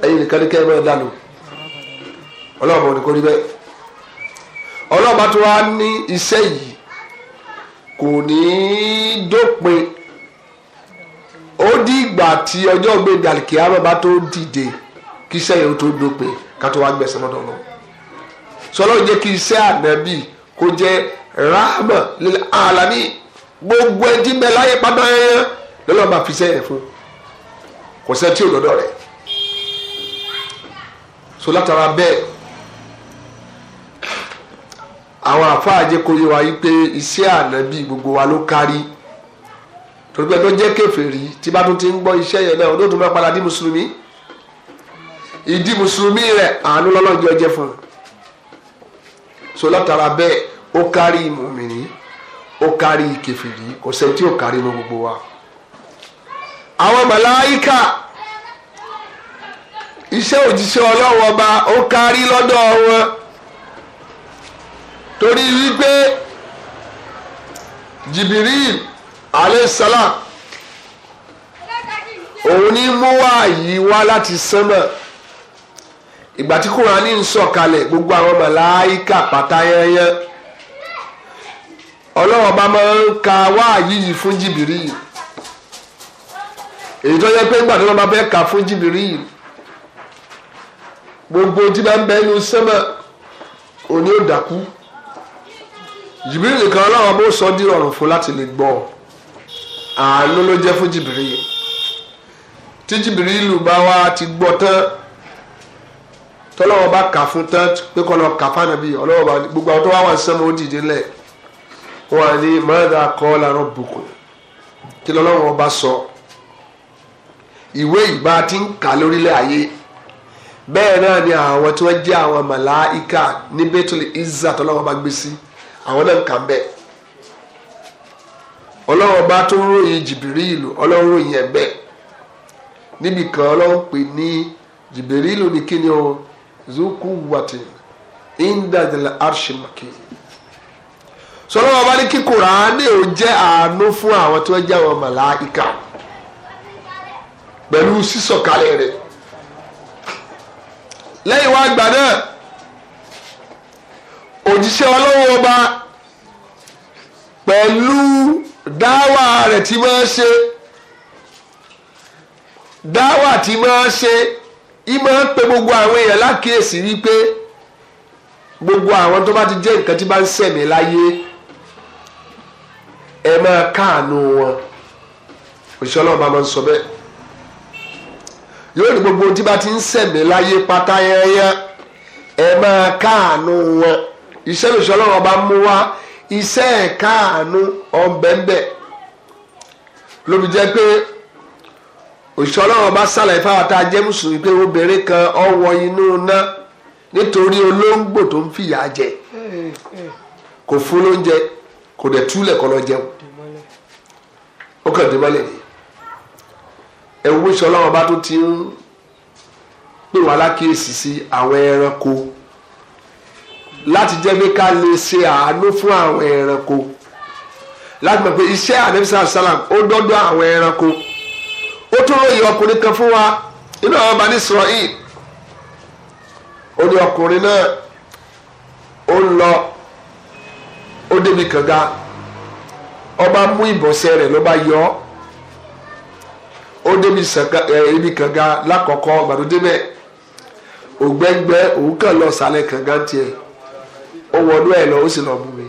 ẹ̀yin nìkan ní kẹ́hìn dànù ọlọ́run ní kò rí bẹ́ẹ̀. ọlọ́run bá tó wá ní iṣẹ́ yìí kò ní í dópin ó di ìgbà tí ọjọ́ gbé gàlìkì àbàbà tó dìde kí iṣẹ́ yẹn tó dópin ká tó wá gbẹ̀sán lọ́dọ̀ lọ. sọlá ò jẹ́ kí iṣẹ́ ànábì kó jẹ́ rahma lil alamin gbogbo ẹni tí bẹ láyé pátá yẹn lọ́lọ́ máa fi iṣẹ́ yẹn fún kò sẹ́ tí ò lọ́dọ̀ rẹ̀ so látara bẹ́ẹ̀ àwọn àfáàjẹkọ̀ọ́ yẹ wa yí pé iṣẹ́ ànábì gbogbo wa ló kárí torí pé tó jẹ́ kèfèrí tí bá tún ti ń gbọ́ iṣẹ́ yẹn náà olóòtú máa padà di mùsùlùmí ìdí mùsùlùmí rẹ̀ àánú lọ́lọ́jọ́ jẹ́ fún un so látara bẹ́ẹ̀ ó kárí mùmìnì ó kárí kèfèrí kò sẹ́ni tí ó kárí mọ́ gbogbo wa. àwọn màláíkà iṣẹ́ òjíṣẹ́ Ọlọ́run ọba ó kárí lọ́dọ̀ wọn torí wípé Jibril. aleyhisalaam òun ní mú wáyí wá láti sánmà ìgbà tí kúránì ń sọ̀kalẹ̀ gbogbo àwọn màláíkà pátá yẹnyẹn ọlọ́wọ́ bá máa ń ka wáyí fún jìbìrì èyí tó yẹ pé ńgbà tó lọ́ fẹ́ fún jìbìrì gbogbo tí bá ń bẹ inú daku. òní ò dàkú jìbìrì nìkan ọlọ́wọ́ bó sọ fún láti lè àánú ló jẹ́ fún Jibril tí Jibril bá wá ti gbọ́ tán tọ́lọ́wọ́ bá kà fún tán pé kọ́ lọ kà fánàbí ọlọ́wọ́ bá gbogbo àwọn tó wá wà ní sẹ́mu ó dìde lẹ̀ wọ́n á ní mọ́tà kọ́ làrọ̀ bùkún kí lọ́lọ́wọ́ bá sọ ìwé ìbá ti ń kà lórílẹ̀ ayé bẹ́ẹ̀ náà ni àwọn tí wọ́n jẹ́ àwọn màláíkà ní Bẹ́tùlì Izza tọ́lọ́wọ́ bá gbé sí àwọn náà kà bẹ́ẹ̀ ọlọ́run bá tó ń ròyìn jìbìrìlù ọlọ́run ròyìn ẹ̀ níbi kan ọlọ́run pè ní jìbìrìlù ní kíni o zuku wati indadala arshimaki sọlọ́wọ́ bá ní kí kùránì ò jẹ́ àánú fún àwọn tí wọ́n jẹ́ àwọn màláìka pẹ̀lú sísọ̀kalẹ̀ rẹ̀ lẹ́yìn wá gbà náà òjíṣẹ́ ọlọ́wọ́ ọba pẹ̀lú dáwà rẹ̀ ti máa ṣe dáwà ti máa ṣe ìmọ̀ ń pe gbogbo àwọn èèyàn lákìyèsí wípé gbogbo àwọn tó bá ti jẹ́ nǹkan tí bá ń ṣẹ̀mí láyé ẹ máa káàánú wọn òṣìṣẹ́ ọlọ́run bá máa ń sọ bẹ́ẹ̀ yóò ní gbogbo tí bá ti ń ṣẹ̀mí láyé pátá ẹ máa káàánú wọn ìṣẹ́ òṣìṣẹ́ ọlọ́run bá mú wá iṣẹ́ ẹ̀kaàánú ọ̀nbẹ́ńbẹ́ lóbi jẹ́ pé òṣìṣẹ́ ọlọ́run bá ṣàlàyé fáwọn tá a jẹ́ mùsùlùmí pé obìnrin kan ọwọ́ inú ná nítorí olóńgbò tó ń fìyà jẹ kò fún lóúnjẹ kò dẹ̀ túlẹ̀ kọ́ lọ jẹun ó kàn dé mọ́lẹ̀ ni ọlọ́run bá ti ń pè wá sí àwọn ẹranko. láti jẹ́ pé ká lè ṣe àánú fún àwọn ẹranko láti mọ̀ pé iṣẹ́ àdébísà sálàm ó dọ́dọ̀ àwọn ẹranko ó tún lóye ọkùnrin kan fún wa inú àwọn ọba ní Israel ó ní ọkùnrin náà ó ń lọ ó débi kànga ọba mú ìbọ̀sẹ̀ rẹ̀ ló bá yọ ó débi ibi kànga lákọ̀ọ́kọ́ gbàdúdébẹ̀ ògbẹ́ngbẹ́ òun kàn lọ sálẹ̀ kànga tiẹ̀ ó wọlú ẹ̀ lọ ó sì lọ bú mi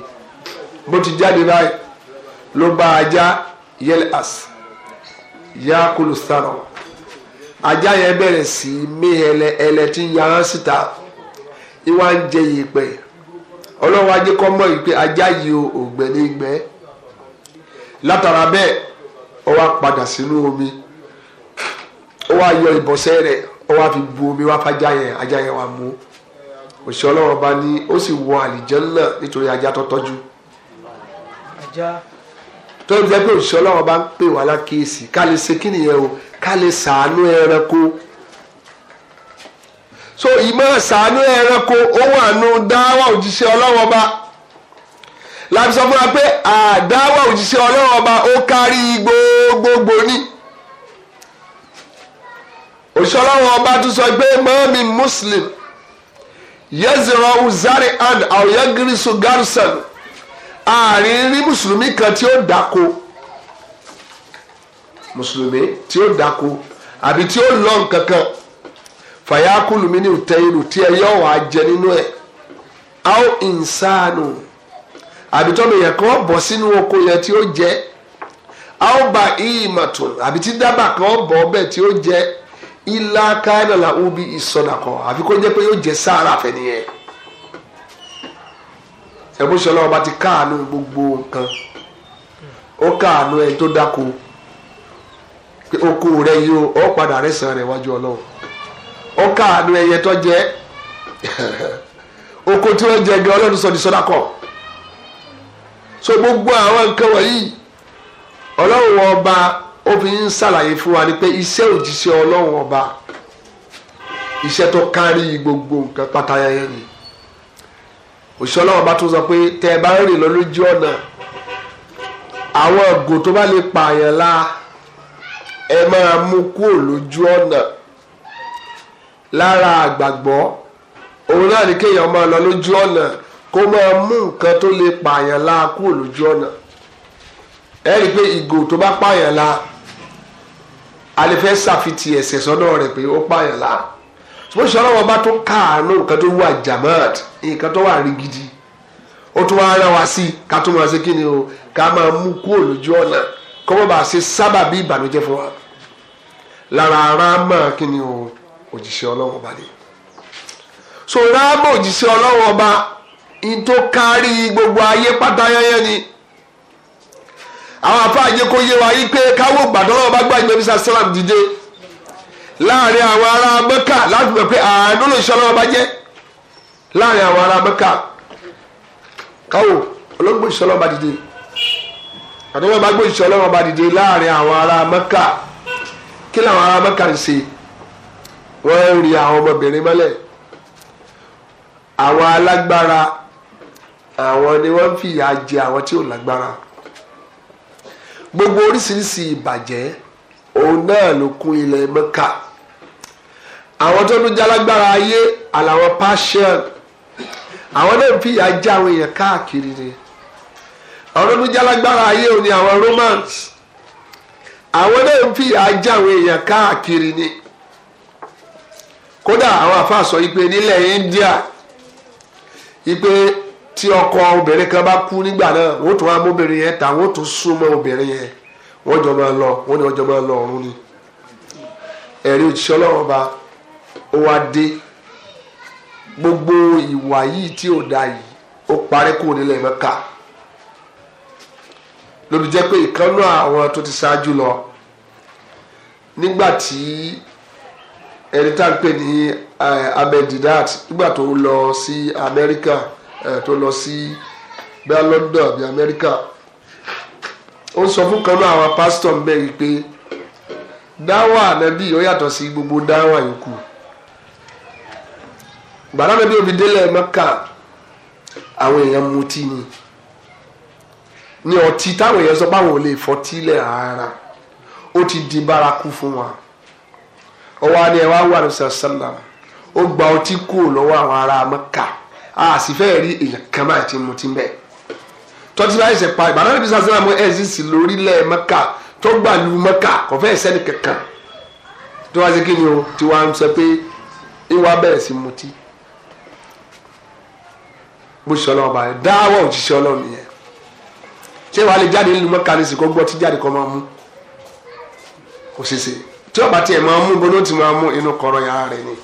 bó ti jáde báyìí ló bá ajá yẹlẹ as ya kúlù sáró ajá yẹn bẹ̀rẹ̀ sí í mí ẹlẹ ẹlẹ tí ń yàrá síta ìwà ń jẹ yìípẹ̀ ọlọ́wọ́ ajé kọ́ mọ́ yìí pé ajá yìí o ògbẹ́ gbẹ́ látara bẹ́ẹ̀ ó wá padà sínú omi ó wá yọ ìbọ̀sẹ̀ rẹ̀ ó wá fi bu omi wá fájá yẹn ajá yẹn wá mú un òṣìṣẹ́ ọlọ́run ọba ní ó sì wọ àlìjẹ́nà nítorí ajá tó tọ́jú tó ń jẹ́ pé òṣìṣẹ́ ọlọ́run ọba ń pè wá lákèésì ká lè ṣe kí nìyẹn o ká lè ṣàánú ẹranko so ìmọ̀ ṣàánú ẹranko ó wà nù dáwà òjíṣẹ́ ọlọ́run ọba láti sọ fún wa pé àdáwà òjíṣẹ́ ọlọ́run ọba ó kárí gbogbogbò ní òṣìṣẹ́ ọlọ́run ọba tún sọ pé mọ́mí muslim yẹ́zìrán zari and àwòyẹ́ gírísù garrison àárín rí mùsùlùmí kan tí ó dáko mùsùlùmí tí ó dáko àbí tí ó lọ nǹkan kan fàyàkùlùmí ní ìtẹ́yìnrù tí ẹ yọ̀ wá jẹ nínú ẹ̀ ao ìnsánu àbí tọ́nu yẹn kan bọ̀ sínú oko yẹn tí ó jẹ ao bá ìyìmọ̀tò àbí tí dábàá kan bọ̀ ọbẹ̀ tí ó jẹ ilá káyọ̀lá ubi ìsọdàkọ àfi kó jẹ́ pé yóò jẹ́ sáárà fẹ́niyẹn ẹ̀bùsọ̀ lọ́wọ́ bá ti káàánú gbogbo nǹkan ó káàánú ẹni tó dáko pé oko rẹ yìí o ó padà rẹ̀sán rẹ̀ wájú ọlọ́run ó káàánú ẹyẹ tó jẹ́ oko tí wọ́n jẹ gan ọlọ́run sọ ní sọ́dákọ̀ so gbogbo àwọn nǹkan wọ̀nyí ọlọ́run ọba ó fi ń ṣàlàyé fún wa ni pé iṣẹ́ òjíṣẹ́ ọlọ́run ọba iṣẹ́ tó kárí gbogbo nǹkan pátá yẹn ni òṣìṣẹ́ ọlọ́run ọba tó sọ pé tẹ́ ẹ bá rìn lọ lójú ọ̀nà àwọn ògò tó bá lè pààyàn la ẹ máa mú kúrò lójú ọ̀nà lára àgbàgbọ́ òun náà ni kéèyàn máa lọ lójú ọ̀nà kó máa mú nǹkan tó lè pààyàn la kúrò lójú ọ̀nà ẹ rí i pé ìgò tó bá pààyàn la a lè fẹ́ ṣàfitì ẹ̀ṣẹ̀ sọ́dọ̀ rẹ̀ pé ó pààyàn lá ṣùgbọ́n ìṣọ́ ọlọ́wọ́ bá tó káàánú nǹkan tó wà jamad nǹkan tó wà rí ó tún wáá rán wa sí i ká tó máa ṣe kí ni o ká máa mú kúrò lójú ọ̀nà kó má bàa ṣe sábàbí ìbànújẹ́ fún wa lára rámà kí ni o òjìṣẹ́ ọlọ́wọ́ bá dé so rámà òjìṣẹ́ ọlọ́wọ́ bá ní tó kárí gbogbo ayé pátá yẹ́yẹ́ ni àwọn afáàjẹ kò yé wa yí pé káwọ́ gbàdọ́ náà bá gbà ìgbẹ́bí sàlám dìde láàrin àwọn ará mẹ́kà láti mọ̀ pé àánú ló ṣe ọlọ́wọ́ bá jẹ́ láàrin àwọn ará mẹ́kà káwọ́ olóńgbò ìṣẹ́ ọlọ́wọ́ bá dìde àdéhùn bá gbé ìṣẹ́ ọlọ́wọ́ bá dìde láàrin àwọn ará mẹ́kà kí làwọn ará mẹ́kà ń ṣe wọ́n rí àwọn ọmọbìnrin mọ́lẹ̀ àwọn alágbára àwọn ni wọ́n fìyà jẹ àwọn tí ò lágbára gbogbo oríṣiríṣi ìbàjẹ́ òun náà ló kún ilẹ̀ mẹ́kà àwọn tó ń jalágbára ayé àlàwọn passion àwọn náà ń fìyà já àwọn èèyàn káàkiri ni àwọn tó ń jalágbára ayé òun ni àwọn romans àwọn náà ń fìyà àwọn èèyàn káàkiri ni kódà àwọn àfa yìí pé nílẹ̀ India yìí pé tí ọkọ obìnrin kan bá kú nígbà náà wọ́n tún wá mọ́bìnrin yẹn ta wọ́n tún súnmọ́ obìnrin yẹn wọ́n jọ máa lọ wọ́n ní wọ́n jọ máa lọ ọ̀run ni ẹ̀rí òjíṣẹ́ ọlọ́run ọba ó wá dé gbogbo ìwà yìí tí ò da yìí ó parí kúrò nílẹ̀ mẹ́ka lóbi jẹ́ pé ìkànnú àwọn tó ti ṣáájú lọ nígbà tí ẹni tá à ń pè ní eh, Ahmed Didat nígbà tó lọ sí Amẹ́ríkà. Si tó lọ sí bíi London àbí Amẹ́ríkà ó sọ fún kan náà àwọn pásítọ̀ ń bẹ̀ yìí pé dáwà ànábì ó yàtọ̀ sí gbogbo dáwà yòókù gbàdá nàbí òbí délẹ̀ Mẹ́kà àwọn èèyàn mutí ni ní ọtí táwọn èèyàn sọ báwọn ò lè fọtílẹ̀ ara ó ti di bárakú fún wa ọwọ́ ni ẹ wá wà ní sàlám ó gba ọtí kúrò lọ́wọ́ àwọn ará Mẹ́kà a sì fẹ́ rí èèyàn kan báyìí tí mo ti ń bẹ̀. tọ́tí báyìí ṣe pa ìbàdàn níbi sàṣẹ́ àmọ́ ẹ̀sìsì lórílẹ̀ mẹ́kà tó gbà lu mẹ́kà kò fẹ́ sẹ́ni kankan tó wá sí kí ni o tí wàá ń sọ pé ìwà bẹ̀rẹ̀ sí mutí bó ṣe ọlọ́run bá rẹ̀ dáwọ́ òjíṣẹ́ ọlọ́run nìyẹn ṣé wàá lè jáde nínú mọ́ká ní sìnkọ́ gbọ́ tí jáde kọ́ máa mú kò ṣeéṣe tí ọba tiẹ̀ máa mú bọ́dọ̀ tí máa mú inú kọ́rọ̀ yàrá rẹ̀ ni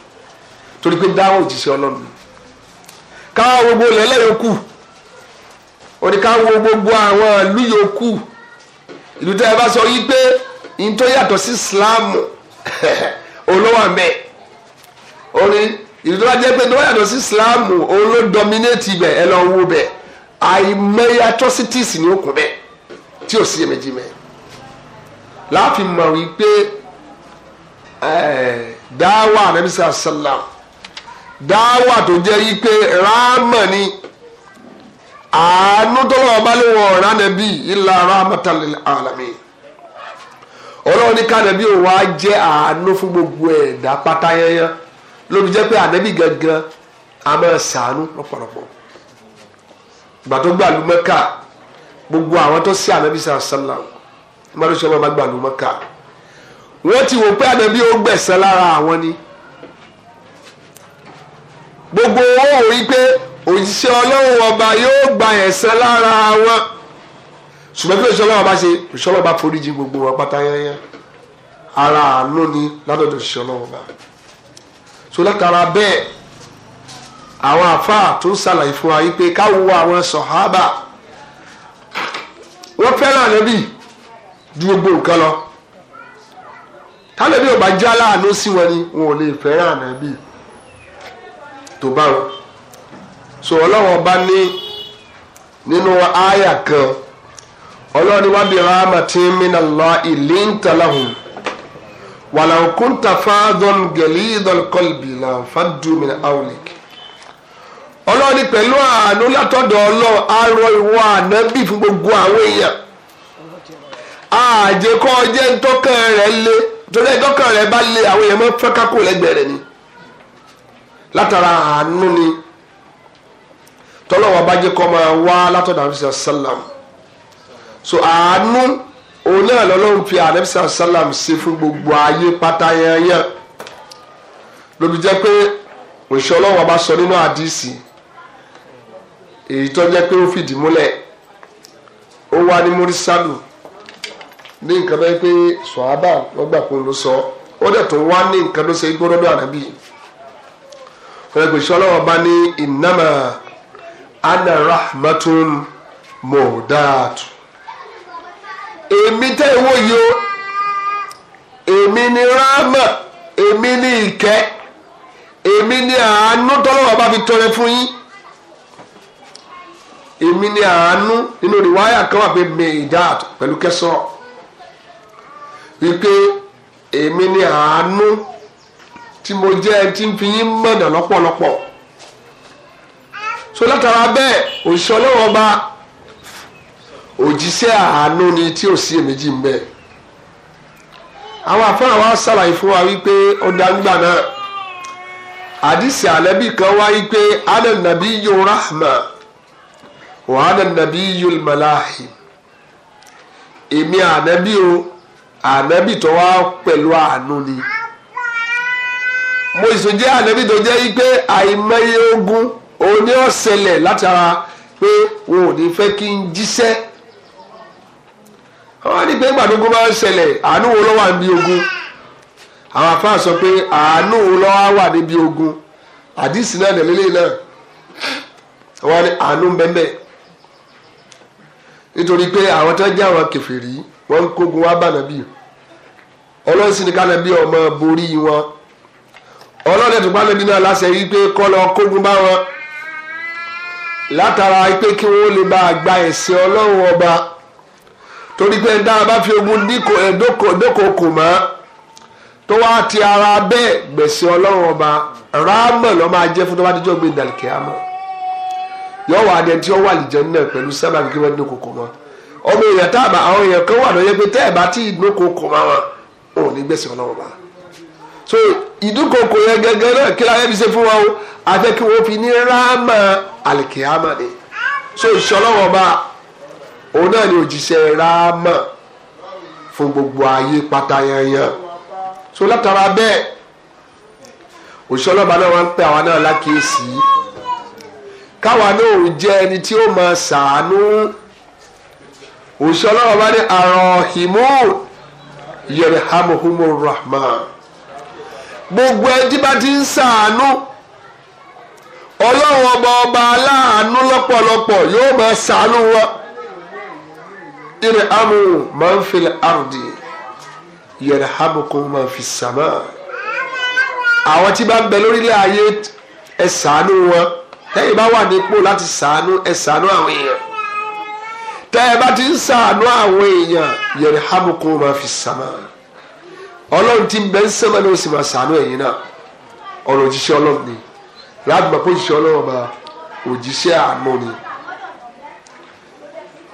torí pé dáwọ́ òjíṣẹ́ ọlọ́run káwá gbogbo lẹ́lẹ́ yòókù ó ní káwá gbogbo àwọn ìlú yòókù ìlú tẹ́ ẹ bá sọ yí pé n tó yàtọ̀ sí Islam olówó àmẹ́ ó ní ìlú tó bá jẹ́ pé tó bá yàtọ̀ sí Islam òun ló dominate ibẹ̀ ẹ lọ wo bẹ̀ àìmọye atrocities ni ó kún bẹ́ẹ̀ tí ò sí èméjì mẹ́ láàfin mọ̀ wípé eh, dáwà nàbísà sàlám dáwà tó jẹ́ yí pé ráàmà ni àánú tọ́lọ́ ọba ló wọ ọ̀rá nàbí ilà rahmatal lil alamin ọlọ́run ní ká nàbí òun á jẹ́ àánú fún gbogbo ẹ̀dá pátá yẹnyẹn lóbi jẹ́ pé ànábì gangan a máa ṣàánú lọ́pọ̀lọpọ̀ ìgbà tó gbàlú Mẹ́kà gbogbo àwọn tó sí ànábì sàlá mọ́tò ṣe wọn bá gbàlú Mẹ́kà wọ́n ti wò pé ànábì ó gbẹ̀sẹ̀ lára àwọn ni gbogbo wọn ò rí pé òjíṣẹ́ ọlọ́run ọba yóò gba ẹ̀san lára wọn ṣùgbọ́n bí òjíṣẹ́ ọlọ́run ọba ṣe òjíṣẹ́ ọlọ́run ọba foríjì gbogbo wọn pátá yányán ara àánú ni látọ̀dọ̀ òjíṣẹ́ ọlọ́run ọba so látara bẹ́ẹ̀ àwọn àfáà tó ń ṣàlàyé fún wa wípé káwo àwọn sọ̀hábà wọ́n fẹ́ràn ànábì ju gbogbo nǹkan lọ tálẹ́bí ò bá jẹ́ aláàánú sí wọn ni wọn ò lè fẹ́ràn ànábì tó bá wọn so ọlọ́run ọba ní nínú àyà kan ọlọ́run ní wàá bí rahmatin minallahi linta lahum walaw kunta faadhan galidhal qalbi lanfaddu min hawlik ọlọ́run ní pẹ̀lú àánú látọ̀dọ̀ ọlọ́run arọ ìwọ ànábì fún gbogbo àwọn èèyàn àjẹkọ́ jẹ́ ntọ́kàn rẹ̀ lé torí ẹ̀dọ́kàn rẹ̀ bá lé àwọn èèyàn mọ́ fẹ́ kákó lẹ́gbẹ̀ẹ́ rẹ̀ ni látara àánú ni tọ́lọ́wọ́ bá jẹ́ kọ́ máa wá látọ̀dọ̀ àbísí sálàm so àánú òun náà lọ́lọ́run fi àbísí sálàm ṣe fún gbogbo ayé pátá yẹnyẹn lóbi jẹ́ pé òṣìṣẹ́ ọlọ́wọ́ bá sọ nínú àdìsí èyí tó jẹ́ pé ó fìdí múlẹ̀ ó wá ní múrísàlù ní nǹkan bẹ́ẹ̀ pé sọ̀hábà lọ́gbà kó ló sọ ó dẹ̀ tó wá ní nǹkan ló ṣe gbọ́dọ̀ ànábì yìí pẹ̀lú ìṣọ́lọ́wọ́ bá ní ìnámà ana rahmatun mọ̀dáàtù. èmi tẹ́ ìwọ yìí o èmi ni rámà èmi ni ìkẹ́ èmi ni àánú tọ́lọ́wọ́ bá fi tọrẹ fún yín èmi ni àánú nínú ìwáyà kan wà pé mẹ̀dáàtù pẹ̀lú kẹsàn-án wípé èmi ni àánú tí mo jẹ́ ẹ tí ń fi yín mọ̀nà lọ́pọ̀lọpọ̀ so látara bẹ́ẹ̀ òṣìṣẹ́ ọlọ́wọ́ bá òjíṣẹ́ àánú ni tí ò sí èméjì ń bẹ àwọn àfọwọ́n wa ṣàlàyé fún wa wípé ó dáńgbà náà àdìsí àlẹ́bí kan wá wípé ana nabiyu rahma wa ana nabiyu malahim èmi ànábì o ànábì tó wá pẹ̀lú àánú ni mo sì tún jẹ́ ànábì tó jẹ́ wípé àìmọye ogun òun ni ó ṣẹlẹ̀ pé wọn ò ní fẹ́ kí n jíṣẹ́ àwọn àti pé gbàdógún máa ń ṣẹlẹ̀ àánú wo ló wà níbi ogun àwọn afáà sọ pé àánú wo ló wà níbi ogun àdìsí náà lẹ́lẹ́lẹ́ náà wọ́n ní àánú bẹ́ẹ̀ nítorí pé àwọn tó jẹ́ àwọn kèfèrí wọ́n ń kógun wá bànàbí ọlọ́sìn ní kánàbí ọmọ borí wọn ọlọ́dẹ tó gbálẹ̀ nínú aláṣẹ yìí pé kọ́ lọ kógun bá wọn látara pé kí wọ́n lè bá gba ẹ̀sìn ọlọ́run ọba torí pé ẹ̀dá bá fi ogun dókòókò mọ́ tó wá ti ara bẹ́ẹ̀ gbẹ̀sìn ọlọ́run ọba rámọ̀ lọ́ máa jẹ́ fún tó bá dijọ́ gbé ìdàlùkẹ́ àmọ́ yọ wà dé tí ó wà lìjẹ́ náà pẹ̀lú sábà kí wọ́n dókòókò mọ́ ọmọ èèyàn tá àwọn èèyàn kan wà lọ́yẹ́ pé tẹ́ bá tí ì dókòókò mọ́ wọn ò ní gbẹ̀sìn ọlọ́run ọba so ìdúnkokò yẹn gẹ́gẹ́ náà kí láyé fi ṣe fún wa o àfẹ́ kí wọ́n fi ní ráàmà àlìkìyàmà ni so ìṣọlọ́wọ́ bá òun náà ni òjíṣẹ́ ráàmà fún gbogbo ayé pátá yanyan so látara bẹ́ẹ̀ òṣìṣọ́lọ́ba náà wọ́n ń pè àwa náà lákìyèsí káwa náà ò jẹ́ ẹni tí ó máa ṣàánú òṣìṣọ́lọ́ba ní àrọ̀ himu yẹrẹ hamuhumu rahman gbogbo ẹjí bá ti ń sàánú ọlọ́run ọba ọba aláàánú lọ́pọ̀lọpọ̀ yóò máa sàánú wa ìrẹ̀ amòhùn máa ń filẹ̀ àrùdì yẹ̀rẹ̀ amòkò máa fi sàmà àwọn tí bá ń bẹ lórílẹ̀ ayé ẹ sàánú wọn lẹ́yìn bá wà nípò láti sàánú ẹ sàánú àwọn èèyàn tẹ́ ẹ bá ti ń sàánú àwọn èèyàn yẹ̀rẹ̀ amòkò máa fi sàmà ọlọ́run ti bẹ́ ń sẹ́mọ̀ ní oṣù máa sànú ẹ̀yìn náà ọ̀rọ̀ òjíṣẹ́ ọlọ́run ni láti máa pójíṣẹ́ ọlọ́run ọba òjíṣẹ́ àánú ni.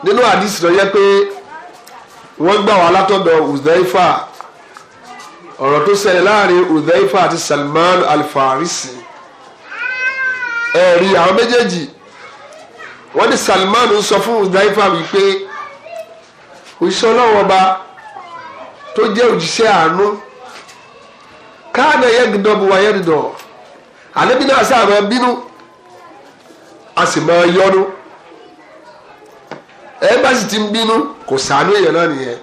nínú àdìsí lọ yẹ pé wọ́n gbà wá látọ̀dọ̀ Uzdaifa ọ̀rọ̀ tó ṣẹlẹ̀ láàrin Uzdaifa àti Salman alfarisi, farisi ẹ̀rí àwọn méjèèjì wọ́n ní Salman sọ fún Uzdaifa wípé òṣìṣẹ́ ọlọ́run ọba tó jẹ́ òjíṣẹ́ àánú káàdà yẹ́gidọ́ bu wa yẹ́gidọ́ àlébi náà sáà máa bínú a sì máa yọnu ẹ bá sì ti ń bínú kò sàánú èèyàn náà nìyẹn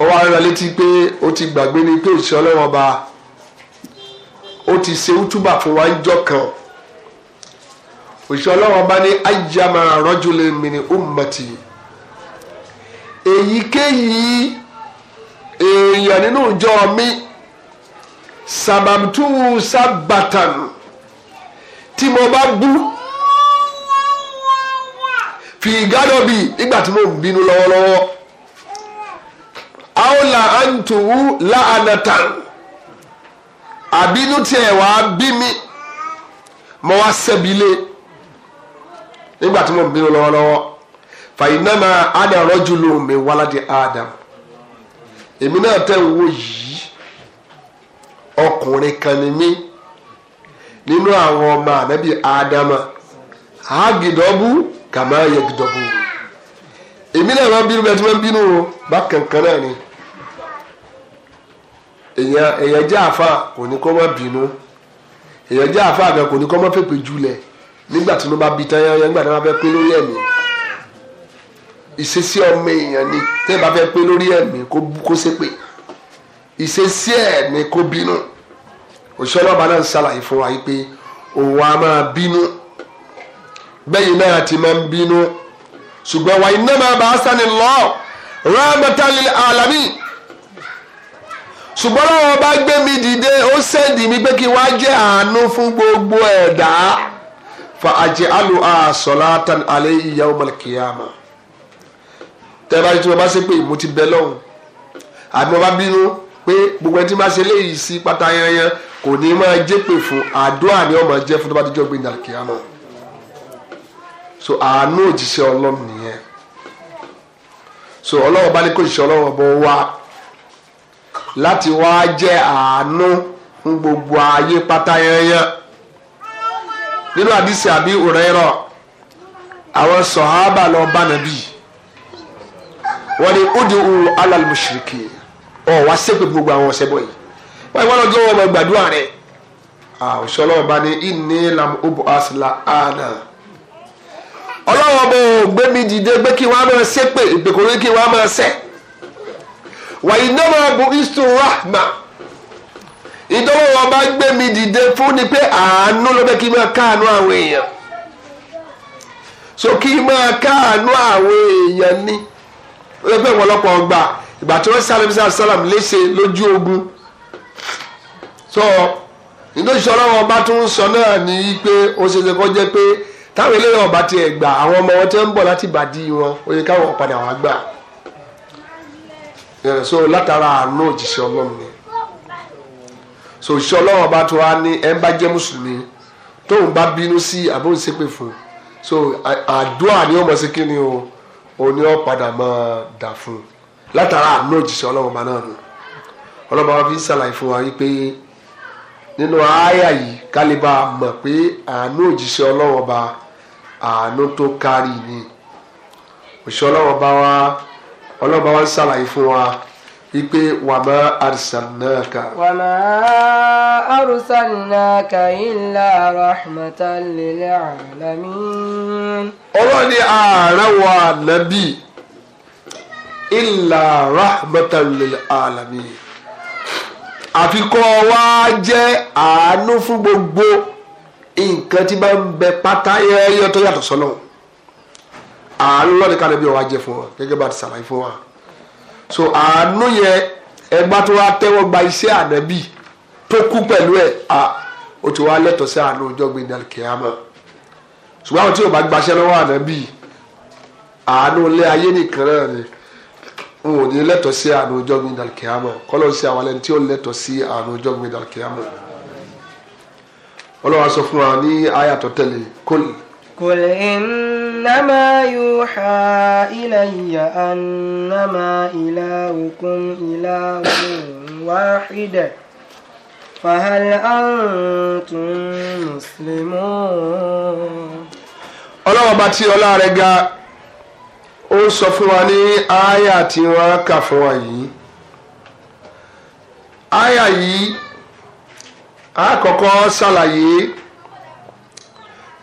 ó wá rán létí pé ó ti gbàgbé ni pé òṣìṣẹ́ ọlọ́wọ́n ọba ó ti ṣe útúbà fún wa ń kan òṣìṣẹ́ ọlọ́wọ́n ọba ní ayyama rajulin min ummati èyíkéyìí èèyàn nínú ìjọ mi sàbàtú sábàtàn tí mo bá bú fi gádọ̀ bíi nígbà tí mo bínú lọ́wọ́lọ́wọ́ aola antuwu laanatan àbínú tiẹ̀ wá bí mi mo wá sẹ́bi nígbà tí mo bínú lọ́wọ́lọ́wọ́ fàyínàmà àdàrọ́jú lòun mi wáládìí àdàmù èmi náà tẹ̀ ń wo yìí ọkùnrin kan ni mí nínú àwọn ọmọ ànábì ádámà àgìdọ́bù kàmá yẹgìdọ́bù èmi náà máa ń bínú bẹ́ẹ̀ tí wọ́n ń bínú o bákan kan náà ni èèyàn èèyàn jẹ́ àáfàá kò ní kó má bínú èèyàn jẹ́ àáfàá gan kò ní kó má fèpè jùlẹ̀ nígbà tí wọ́n bá bi tán yẹn nígbà tí wọ́n bá fẹ́ pé lórí ẹ̀mí ìṣesí ọmọ èèyàn ni tẹ́yìn bá fẹ́ pé lórí ẹ̀mí kó ṣépè ìṣesí ẹ̀ ni kó bínú òṣìṣẹ́ ọlọ́ba náà ṣàlàyé fún wa pé òun á máa bínú bẹ́yìn náà ti máa ń bínú ṣùgbọ́n wa iná máa bá sani lọ rámẹ́tàlì àlámì ṣùgbọ́n láwọn bá gbé mi dìde ó sẹ́ndì mi pé kí n wá jẹ́ àánú fún gbogbo ẹ̀dá fa àjẹ́ àlù àṣọlá tan alẹ́ ìyá ọmọlẹ́kìyàmá tẹ́ bá tí mo bá ṣe pé mo ti bẹ lọ́hùn àbí mo bá bínú pé gbogbo ẹni tí máa ṣe léyìí sí pátá yanyan kò ní máa jépè fún àdúrà ni ọmọ jẹ fún tó bá ti jọ gbé ìdàkẹ́ àmọ́ so àánú òjíṣẹ́ ọlọ́run nìyẹn so ọlọ́run bá ní kó ìṣẹ́ ọlọ́run ọ̀bọ wa láti wá jẹ́ àánú fún gbogbo ayé pátá yanyan nínú àdìsí àbí òrẹ́rọ̀ àwọn sọ̀hábà lọ bá nàbí yìí wọ́n ní ó di òun alal mushriki ọ̀ wá ṣépè gbogbo àwọn ọ̀sẹ̀ bọ̀ yìí wọ́n ní wọ́n lọ́jọ́ wọn gbàdúrà rẹ̀ àwùjọ ọlọ́ọ̀bá ní inni lam obo asila ana ọlọ́wọ́ bò gbé mi dìde gbé kí wọ́n á máa ṣépè ìpèkòrè kí wọ́n á máa ṣẹ́ wàyí náà bu istu rahma ìdánwò wọn bá gbé mi dìde fún ni pé àánú ló fẹ́ kí máa káàánú àwọn èèyàn so kí n máa káàánú àwọn èèyàn ni ó yẹ pé wọn lọ́pọ̀ ọgbà ìgbà tí wọ́n sálẹ̀ bísí àṣàlám léṣe lójú ogun sọ nítorí sọ ọlọ́wọ́ ọba tó ń sọ náà ní pé ó ṣe ṣe kọ́ jẹ́ pé táwọn eléyàn ọba tiẹ̀ gbà àwọn ọmọ wọn tẹ́ ń bọ̀ láti bàdí wọn ó yẹ káwọn padà wá gbà so látara àánú òjìṣẹ́ ọlọ́run ni so òjìṣẹ́ ọlọ́run ọba tó wá ní ẹ̀ ń bá jẹ́ mùsùlùmí tóun bá bínú sí àbóhùn ṣépè fún so àdúrà ni ó mọ̀ sí kí ni o òní ọ padà máa dà fún un látara àánú òjìṣẹ́ ọlọ́run ọba náà nù ọlọ́run ọba fi ń ṣàlàyé fún wa wípé nínú àáyà yìí kálíbà mọ̀ pé àánú òjìṣẹ́ ọlọ́run ọba àánú tó kárí ni òṣìṣẹ́ ọlọ́run ọba wa ọlọ́run ọba wa ń ṣàlàyé fún wa ipe wàmà arsalnaka. wàmà arsalnaka illa rahmatan lil alamin. ọlọ́run ní ààrẹ wa nàbí illa rahmatan lil alamin. àfikọ́ wa jẹ́ àánú fún gbogbo nǹkan tí bá ń bẹ pátá yẹ́yẹ́ tó yàtọ̀ sọ́lọ́ àánú lọ́ọ̀dẹ́ka nàbí wa jẹ́ fún wa gẹ́gẹ́ bá ti sàlàyé fún wa so àánú yẹn ẹgbà tó wá tẹ́wọ́ gba iṣẹ́ ànábì tó kú pẹ̀lú ẹ̀ à ó ti wá lẹ́tọ̀ọ́ sí àánú ọjọ́ gbé dàlù kìámà ṣùgbọ́n àwọn tí yóò bá gbaṣẹ́ lọ́wọ́ ànábì àánú ilé ayé nìkan náà ni n ò ní lẹ́tọ̀ọ́ sí àánú ọjọ́ gbé dàlù kìámà kọ́lọ́ sí àwọn ẹni tí ó lẹ́tọ̀ọ́ sí àánú ọjọ́ gbé dàlù kìámà ọlọ́wà sọ fún wa ní àyàtọ̀ tẹ̀lé kólì. قل إنما يوحى إلي أنما إلهكم إله واحد فهل أنتم مسلمون ọlọ́wọ́ bá tí ọlá rẹ̀ ga ó sọ fún wa ní àyà tí wọ́n kà fún wa yìí àyà yìí àkọ́kọ́ ṣàlàyé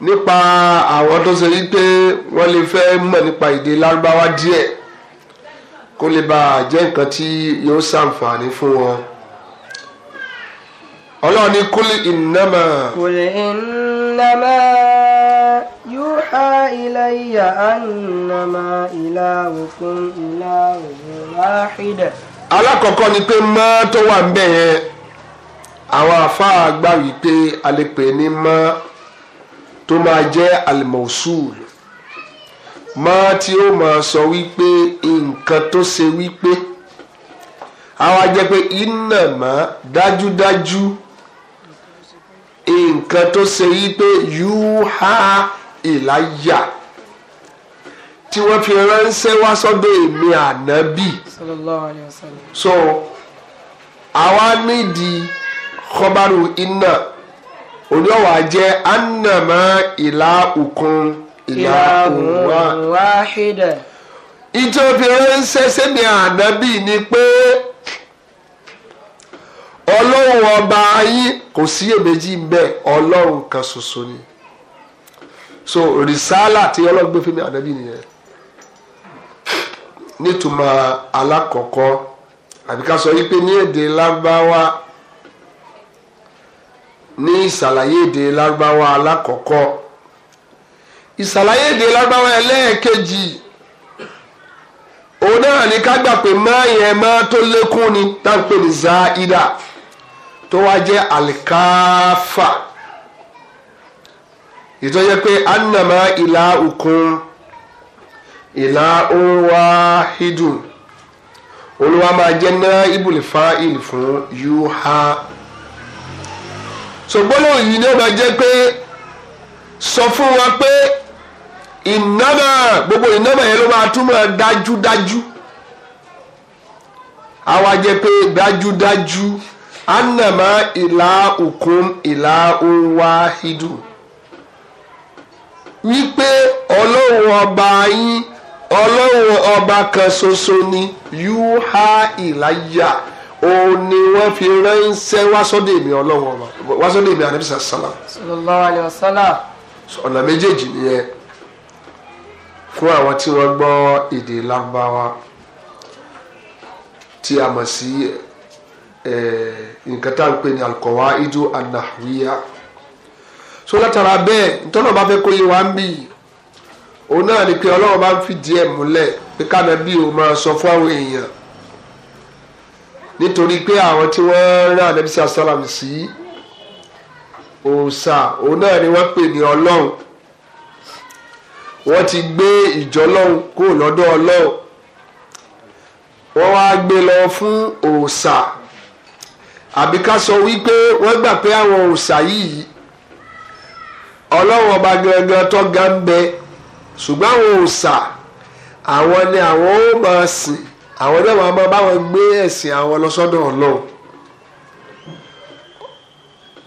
nípa àwọn tó ṣe wípé wọ́n lè fẹ́ mọ̀ nípa èdè lárúbáwá díẹ̀ kó lè bá a jẹ́ nǹkan tí yóò ṣàǹfààní fún wọn. ọlọ́run ní kúlì ìnámà. kúlì ìnámà yúhà ilayya ànàmà ilahukum ilahun wahida. alákọ̀ọ́kọ́ ni pé mọ́ tó wà ń bẹ̀ yẹn àwọn àfáà gbà wípé a lè pè ní mọ́ tó máa jẹ́ almausul máa tí ó máa sọ wípé nǹkan tó ṣe wípé àwa jẹ́ pé iná mọ́ dájúdájú nǹkan tó ṣe wípé yúhá ìláyà tí wọ́n fi ránṣẹ́ wá sọ́dọ̀ èmi ànábì so àwa nídìí kọ́bárù iná òní ọ̀wà jẹ́ anamọ ìlà òkun ìlà òun wáhídà. ìjọ obìnrin ń ṣẹṣẹ́ ní ànábì ni pé ọlọ́run ọba yín kò sí èméjì ń ọlọ́run kan ṣoṣo ni so rìsálà tí ọlọ́run gbé fún mi ànábì nìyẹn nítumọ̀ alákọ̀ọ́kọ́ àbíká sọ yí pé ní èdè lágbáwá ní ìsàlàyé èdè lárúbáwá alákọ̀ọ́kọ́ ìsàlàyé èdè lárúbáwá ẹlẹ́ẹ̀kejì òun náà ní ká gbà pé má yẹn má tó lékún ni táǹpé ní záídà tó wá jẹ́ àlìkáfà ìtọ́jẹ́ pé anamá ìlà òkun ìlà òun hídùn olúwa máa jẹ́ náà ibùlẹ̀ fáìlì fún yóò sọgbọ́nà yìí ni ó máa jẹ́ pé sọ fún wa pé ìnáma gbogbo ìnáma yẹn ló máa túmọ̀ dájúdájú àwa jẹ́ pé dájúdájú anama ìlà òkun ìlà òun hidu wípé ọlọ́run ọba yín ọlọ́run ọba kan ṣoṣo ni yóò ìláyà. O ni wọ́n fi ránṣẹ́ wá sọ́dọ̀ èmi ọlọ́run ọba wá sọ́dọ̀ èmi ànábì sàlá. sallallahu alaihi wasallam. ọ̀nà méjèèjì nìyẹn fún àwọn tí wọ́n gbọ́ èdè lárúbáwá tí a mọ̀ sí nǹkan tá à ń pè ní alqawaidu annahwiya so látara bẹ́ẹ̀ ntọ́nà bá fẹ́ kó yé wa ń bì òun náà ni pé ọlọ́run bá ń fìdí ẹ̀ múlẹ̀ pé kánà bí o máa sọ fún àwọn èèyàn nítorí pé àwọn tí wọ́n rán anabi sàlám sí òòṣà òun náà ni wọ́n pè ní ọlọ́run wọ́n ti gbé ìjọ ọlọ́run kúrò lọ́dọ̀ ọlọ́run wọ́n wá gbé lọ fún òòṣà àbí ká sọ wípé wọ́n gbà pé àwọn òòṣà yìí ọlọ́run ọba gangan tó ga ń bẹ ṣùgbọ́n àwọn òòṣà àwọn ni àwọn ó máa sìn àwọn ẹgbẹ́ wọn máa bá wọn gbé ẹ̀sìn àwọn lọ sọ́dọ̀ ọlọ́run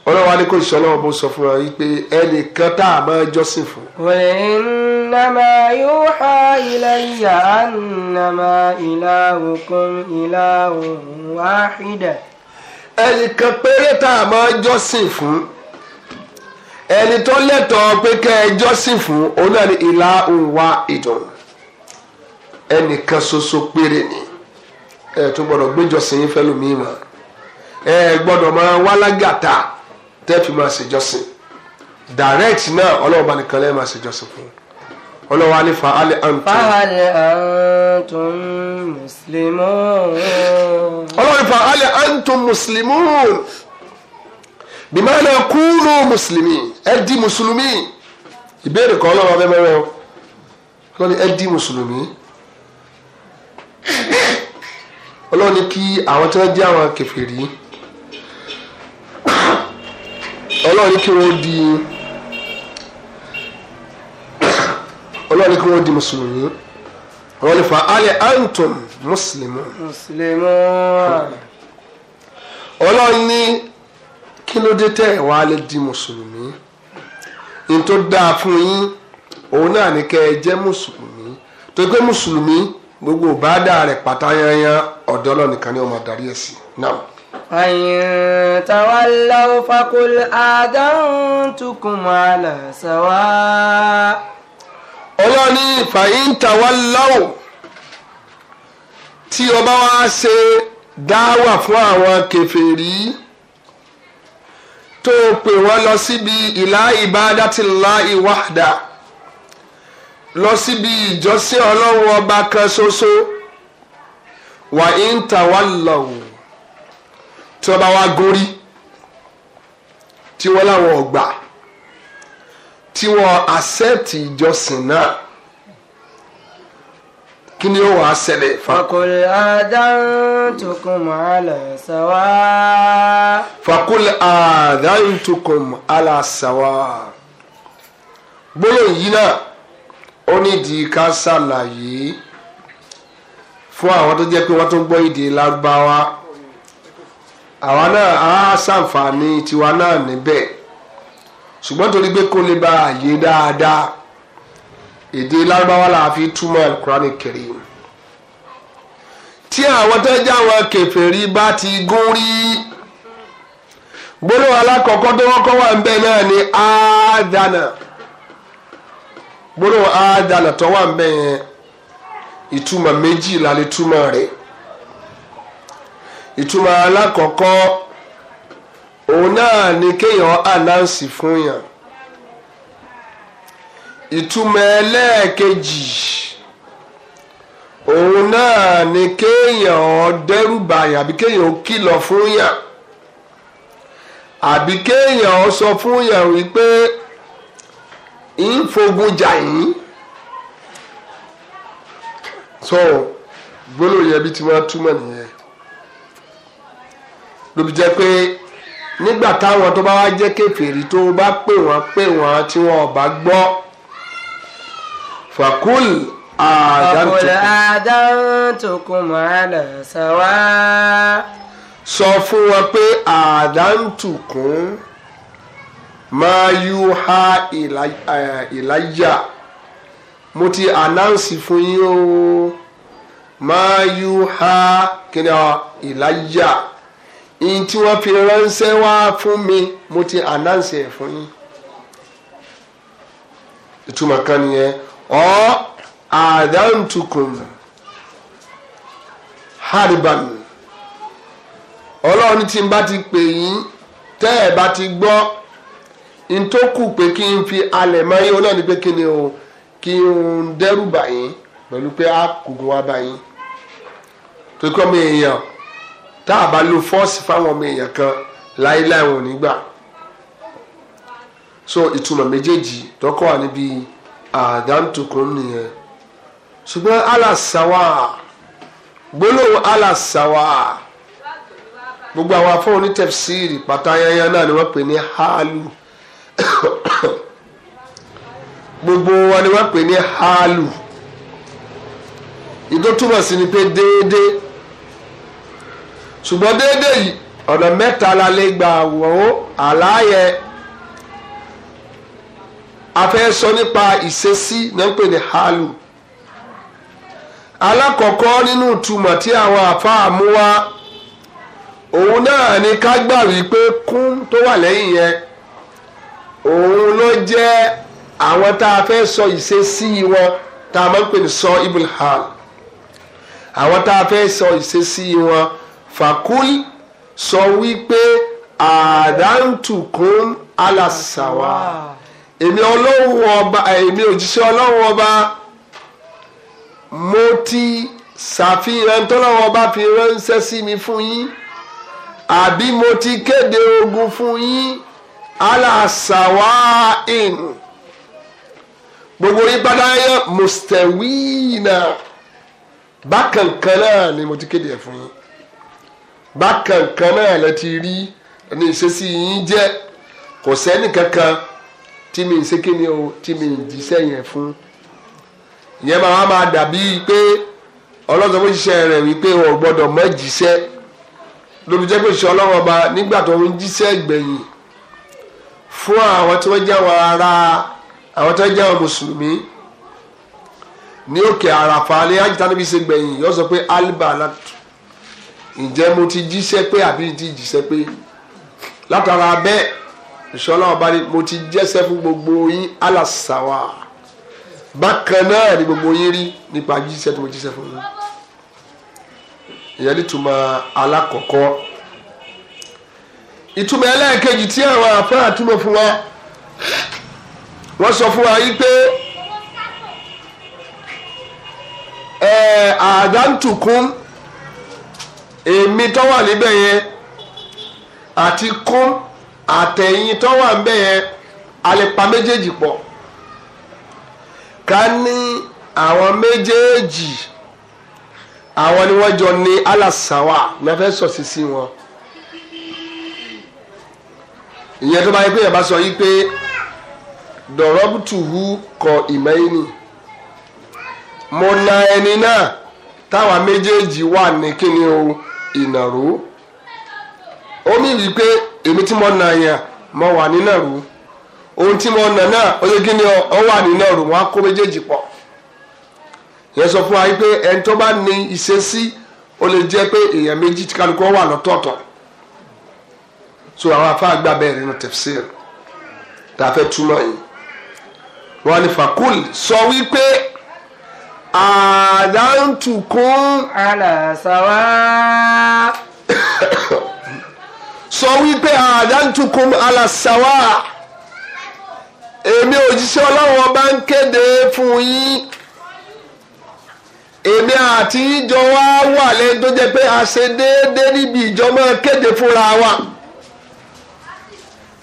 ọlọ́run alẹ́ kò sí ọlọ́run bó sọ fún wa yìí pé ẹnìkan tá a máa jọ́sìn fún. innama yuha ilayya annama ilahukum ilahun wahida. ẹnìkan péré tá a máa jọ́sìn fún ẹni tó lẹ́tọ̀ọ́ pé kẹ́ ẹ jọ́sìn fún òun ìlà òun wá ìdùnnú ẹnìkan soso péré ni ẹ tún gbọdọ gbéjọsìn yín fẹ́lòmíì mọ́ ẹ gbọdọ máa wá lágàtà tẹ́ẹ̀fì máa ṣèjọsìn direct náà ọlọ́ọ̀bá nìkan ma máa jọsìn fún un ọlọ́wà fa ali anto. fàálẹ̀ àǹtún mùsùlùmùn. ọlọ́wà ní fàálẹ̀ àǹtún mùsùlùmùn. bìmọ̀nà kúnú mùsùlùmí ẹ di mùsùlùmí. ìbéèrè kan o ọlọ́ni ẹ ọlọ́run ní kí àwọn tí wọ́n jẹ́ àwọn kèfèrí ọlọ́run ní kí wọ́n di ọlọ́run ní kí wọ́n di mùsùlùmí ọlọ́run ní fa alẹ́ antum mùsùlùmí. mùsùlùmí. ọlọ́run ní kí ló dé tẹ́ ẹ̀ wá lè di mùsùlùmí ní tó dáa fún yín òun náà ní kẹ́ ẹ jẹ́ mùsùlùmí tó gbé mùsùlùmí gbogbo ìbáàdà rẹ̀ pátá yanyan ọ̀dọ̀ Ọlọ́run ni ó máa darí ẹ̀ sí náà. فإن تولوا فقل آذنتكم على سواء ọlọ́ni fàyíntàwáláwò tí ọba wa ṣe dáwà fún àwọn kèfèrí tó pè wọ́n lọ síbi ìlà ibadatillahi wahda lọ síbi ìjọsìn ọlọ́run ọba kan ṣoṣo wà ń tà wá lọ́wọ́ tí wọ́n bá wá gorí tí wọ́n láwọn ọ̀gbà tí wọ́n accept ìjọsìn náà kí ni ó wàá ṣẹlẹ̀ fa. fakul adantukum ala sawa. fakul adantukum ala sawa. gbólóhùn yìí náà ó di ká ṣàlàyé fún àwọn tó jẹ́ pé wọ́n tó ń gbọ́ èdè lárúbáwá àwa náà á ṣàǹfààní tiwa náà níbẹ̀ ṣùgbọ́n torí pé kó lè ba àyè dáadáa èdè lárúbáwá là á fi túmọ̀ alukurani Karim tí àwọn tó jẹ́ àwọn kèfèrí bá ti gún rí gbólóhùn alákọ̀ọ́kọ́ tó wọ́n kọ́ wà ń bẹ̀ náà ni áádánà. Ah, gbólóhùn áádánà tó wà ńbẹ̀ yẹn la lè túmọ̀ rẹ̀ ìtumọ̀ òun náà ni kéèyàn ànáǹsì fún yàn ìtumọ̀ ẹlẹ́ẹ̀kejì òun náà ni kéèyàn dẹ́rùbà àbí kéèyàn fún yàn àbí kéèyàn sọ fún yàn ń fogun jà yín so gbólóhùn yẹn bí tí wọ́n túmọ̀ nìyẹn lóbi jẹ́ pé nígbà táwọn tó bá wá jẹ́ kèfèrí tó bá pè wọ́n pè wọ́n tí wọ́n ò bá gbọ́ fàkúl àdántukùn àlà sàwá. sọ fún wọn pé àdántukùn máa yú ha ìláyà eh, mo ti announce fún yín o máa yú ha kíni ọ ìláyà ìyìn tí wọ́n fi ránṣẹ́ wá fún mi mo ti announce ẹ̀ fún yín ìtumọ̀ kan nìyẹn ọ àdáǹtukùn hariban ọlọ́run tí n bá ti pè yín tẹ́ ẹ̀ bá ti gbọ́ ntókù pé kí n fi alẹ̀ mọ́ yín náà ni pé kí ni o kí n dẹ́rù bà yín pẹ̀lú pé a kùgùn wá bá yín tó kọ́ mi èèyàn tá a bá lo fọ́ọ̀sì fáwọn ọmọ èèyàn kan láéláé wọn ò ní gbà so ìtumọ̀ méjèèjì tọ́kọ̀ wà níbi àdántukùn nìyẹn ṣùgbọ́n alasawa gbólóhùn alasawa gbogbo àwọn afọ́ onítẹ̀fsíìrì pátá yányá náà ni wọ́n pè ní haalu gbogbo wa ni wọ́n pè ní haalu ìtò túmọ̀ sí ni pé déédéé ṣùgbọ́n déédéé yìí ọ̀nà mẹ́ta la lè gbà wò ó àlàyé a fẹ́ sọ nípa ìṣesí náà ń pè ní haalu alákọ̀ọ́kọ́ nínú ìtumọ̀ tí àwọn àfáà mú wá òun náà ni ká gbà wípé kún tó wà lẹ́yìn yẹn òun ló jẹ́ àwọn tá a fẹ́ sọ ìṣesí wọn tá a máa ń pè ní sọ ibùl hal àwọn tá a fẹ́ sọ ìṣesí wọn fàkúl sọ wípé àdántùkún alàsàwà èmi ọlọ́run ọba èmi òjíṣẹ́ ọlọ́run ọba mo ti ṣàfihàn tọ́lọ́run ọba fi ránṣẹ́ sí mi fún yín àbí mo ti kéde ogun fún yín alasawain gbogbo yín padà yẹ mustawina bákan kan náà ni mo ti kéde ẹ̀ fún yín bákan kan náà lẹ ti rí ní ìṣesí yín jẹ́ kò sẹ́ni kankan tí mi ń ni o tí mi ń jíṣẹ́ yẹn fún ìyẹn máa máa dàbí pé ọlọ́sọ̀ fún ṣiṣẹ́ rẹ̀ wípé o gbọ́dọ̀ mọ́ jíṣẹ́ lóbi jẹ́ pé ṣe ọlọ́wọ́ ọba nígbà tó ń jíṣẹ́ gbẹ̀yìn fún àwọn tí wọ́n jáwọ́ ara àwọn tí wọ́n jáwọ́ mùsùlùmí ní òkè àràfà ní àjìtá níbi ṣe gbẹ̀yìn yóò sọ pé albalat ǹjẹ́ mo ti jíṣẹ́ pé àbí ti jíṣẹ́ pé látara bẹ́ẹ̀ ìṣọ́lá ọba ni mo ti jẹ́sẹ́ fún gbogbo yín alàsàwà bákan náà ni gbogbo yín rí nípa jíṣẹ́ tí mo jíṣẹ́ fún yín ìyẹn nítumọ̀ alákọ̀ọ́kọ́ ìtumọ̀ ẹlẹ́ẹ̀kejì tí àwọn àfáà túmọ̀ fún wa wọ́n sọ fún wa yìí pé àdántukún èmi tó wà níbẹ̀ yẹn àti kún àtẹ̀yìn tó wà níbẹ̀ yẹn alepa méjèèjì pọ̀ ká ní àwọn méjèèjì àwọn ni wọ́n jọ ní alàsáwà ní wọ́n fẹ́ wọn. ìyẹn tó bá yẹ pé yẹn bá sọ yí pé dọ̀rọ́bùtùhù kọ mo na ẹni náà táwa méjèèjì wà ní kíni o ìnàró ó mì pé èmi tí mo na yẹn mo wà nínàró ohun tí mo nà náà ó ọ wà wọn á kó méjèèjì yẹn sọ fún wa pé ẹni tó bá ní ìṣesí ó lè pé èèyàn méjì so àwọn afa àgbà bẹ́ẹ̀ nínú tafsir tá a fẹ́ túmọ̀ yìí wọ́n ní fakul sọ wípé àdántukún. àlàsáwá. sọ wípé àdántukún àlàsáwá èmi òjíṣẹ́ ọlọ́run ọba ń kéde fún yín èmi àti ìjọ wa wà lẹ́yìn tó jẹ́ pé a ṣe déédéé níbi ìjọ máa kéde fúnra wa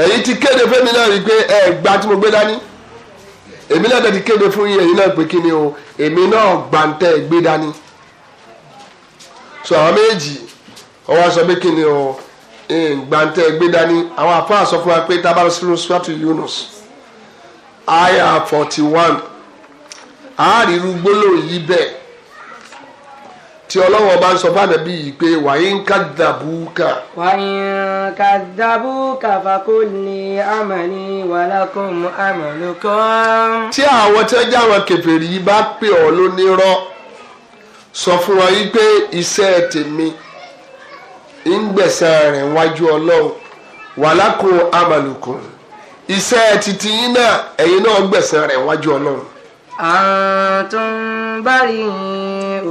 ẹ̀yin ti kéde fẹ́mi náà rí i pé ẹ gba tí mo gbé dání èmi náà ti kéde fún yín ẹ̀yin náà pé kí ni o èmi náà gbàǹtẹ̀ gbé dání so àwọn méjì wọ́n wá sọ pé kí ni o gbàǹtẹ̀ gbé dání àwọn àfáà sọ fún wa pé tábàlù sínú sùpàtù Yunus aya forty one àárírú gbólóhùn yìí bẹ́ẹ̀ tí ọlọ́wọ́ bá ń sọ fáànà bí yìí pé wàyí ń ká dàbúkà. wàyí ń ká dàbúkà fàkólì àmàlí wàlákùn àmàlùkọ́. tí àwọn tí wọ́n já àwọn kèfèrí yìí bá pè ọ́ lónírọ́ sọ fún wọn yìí pé iṣẹ́ tèmi ń gbẹ̀san rẹ̀ wájú ọlọ́run wàlákùn àmàlùkọ́ iṣẹ́ titi yín náà ẹ̀yin náà gbẹ̀san rẹ̀ wájú ọlọ́run. àtúnbárí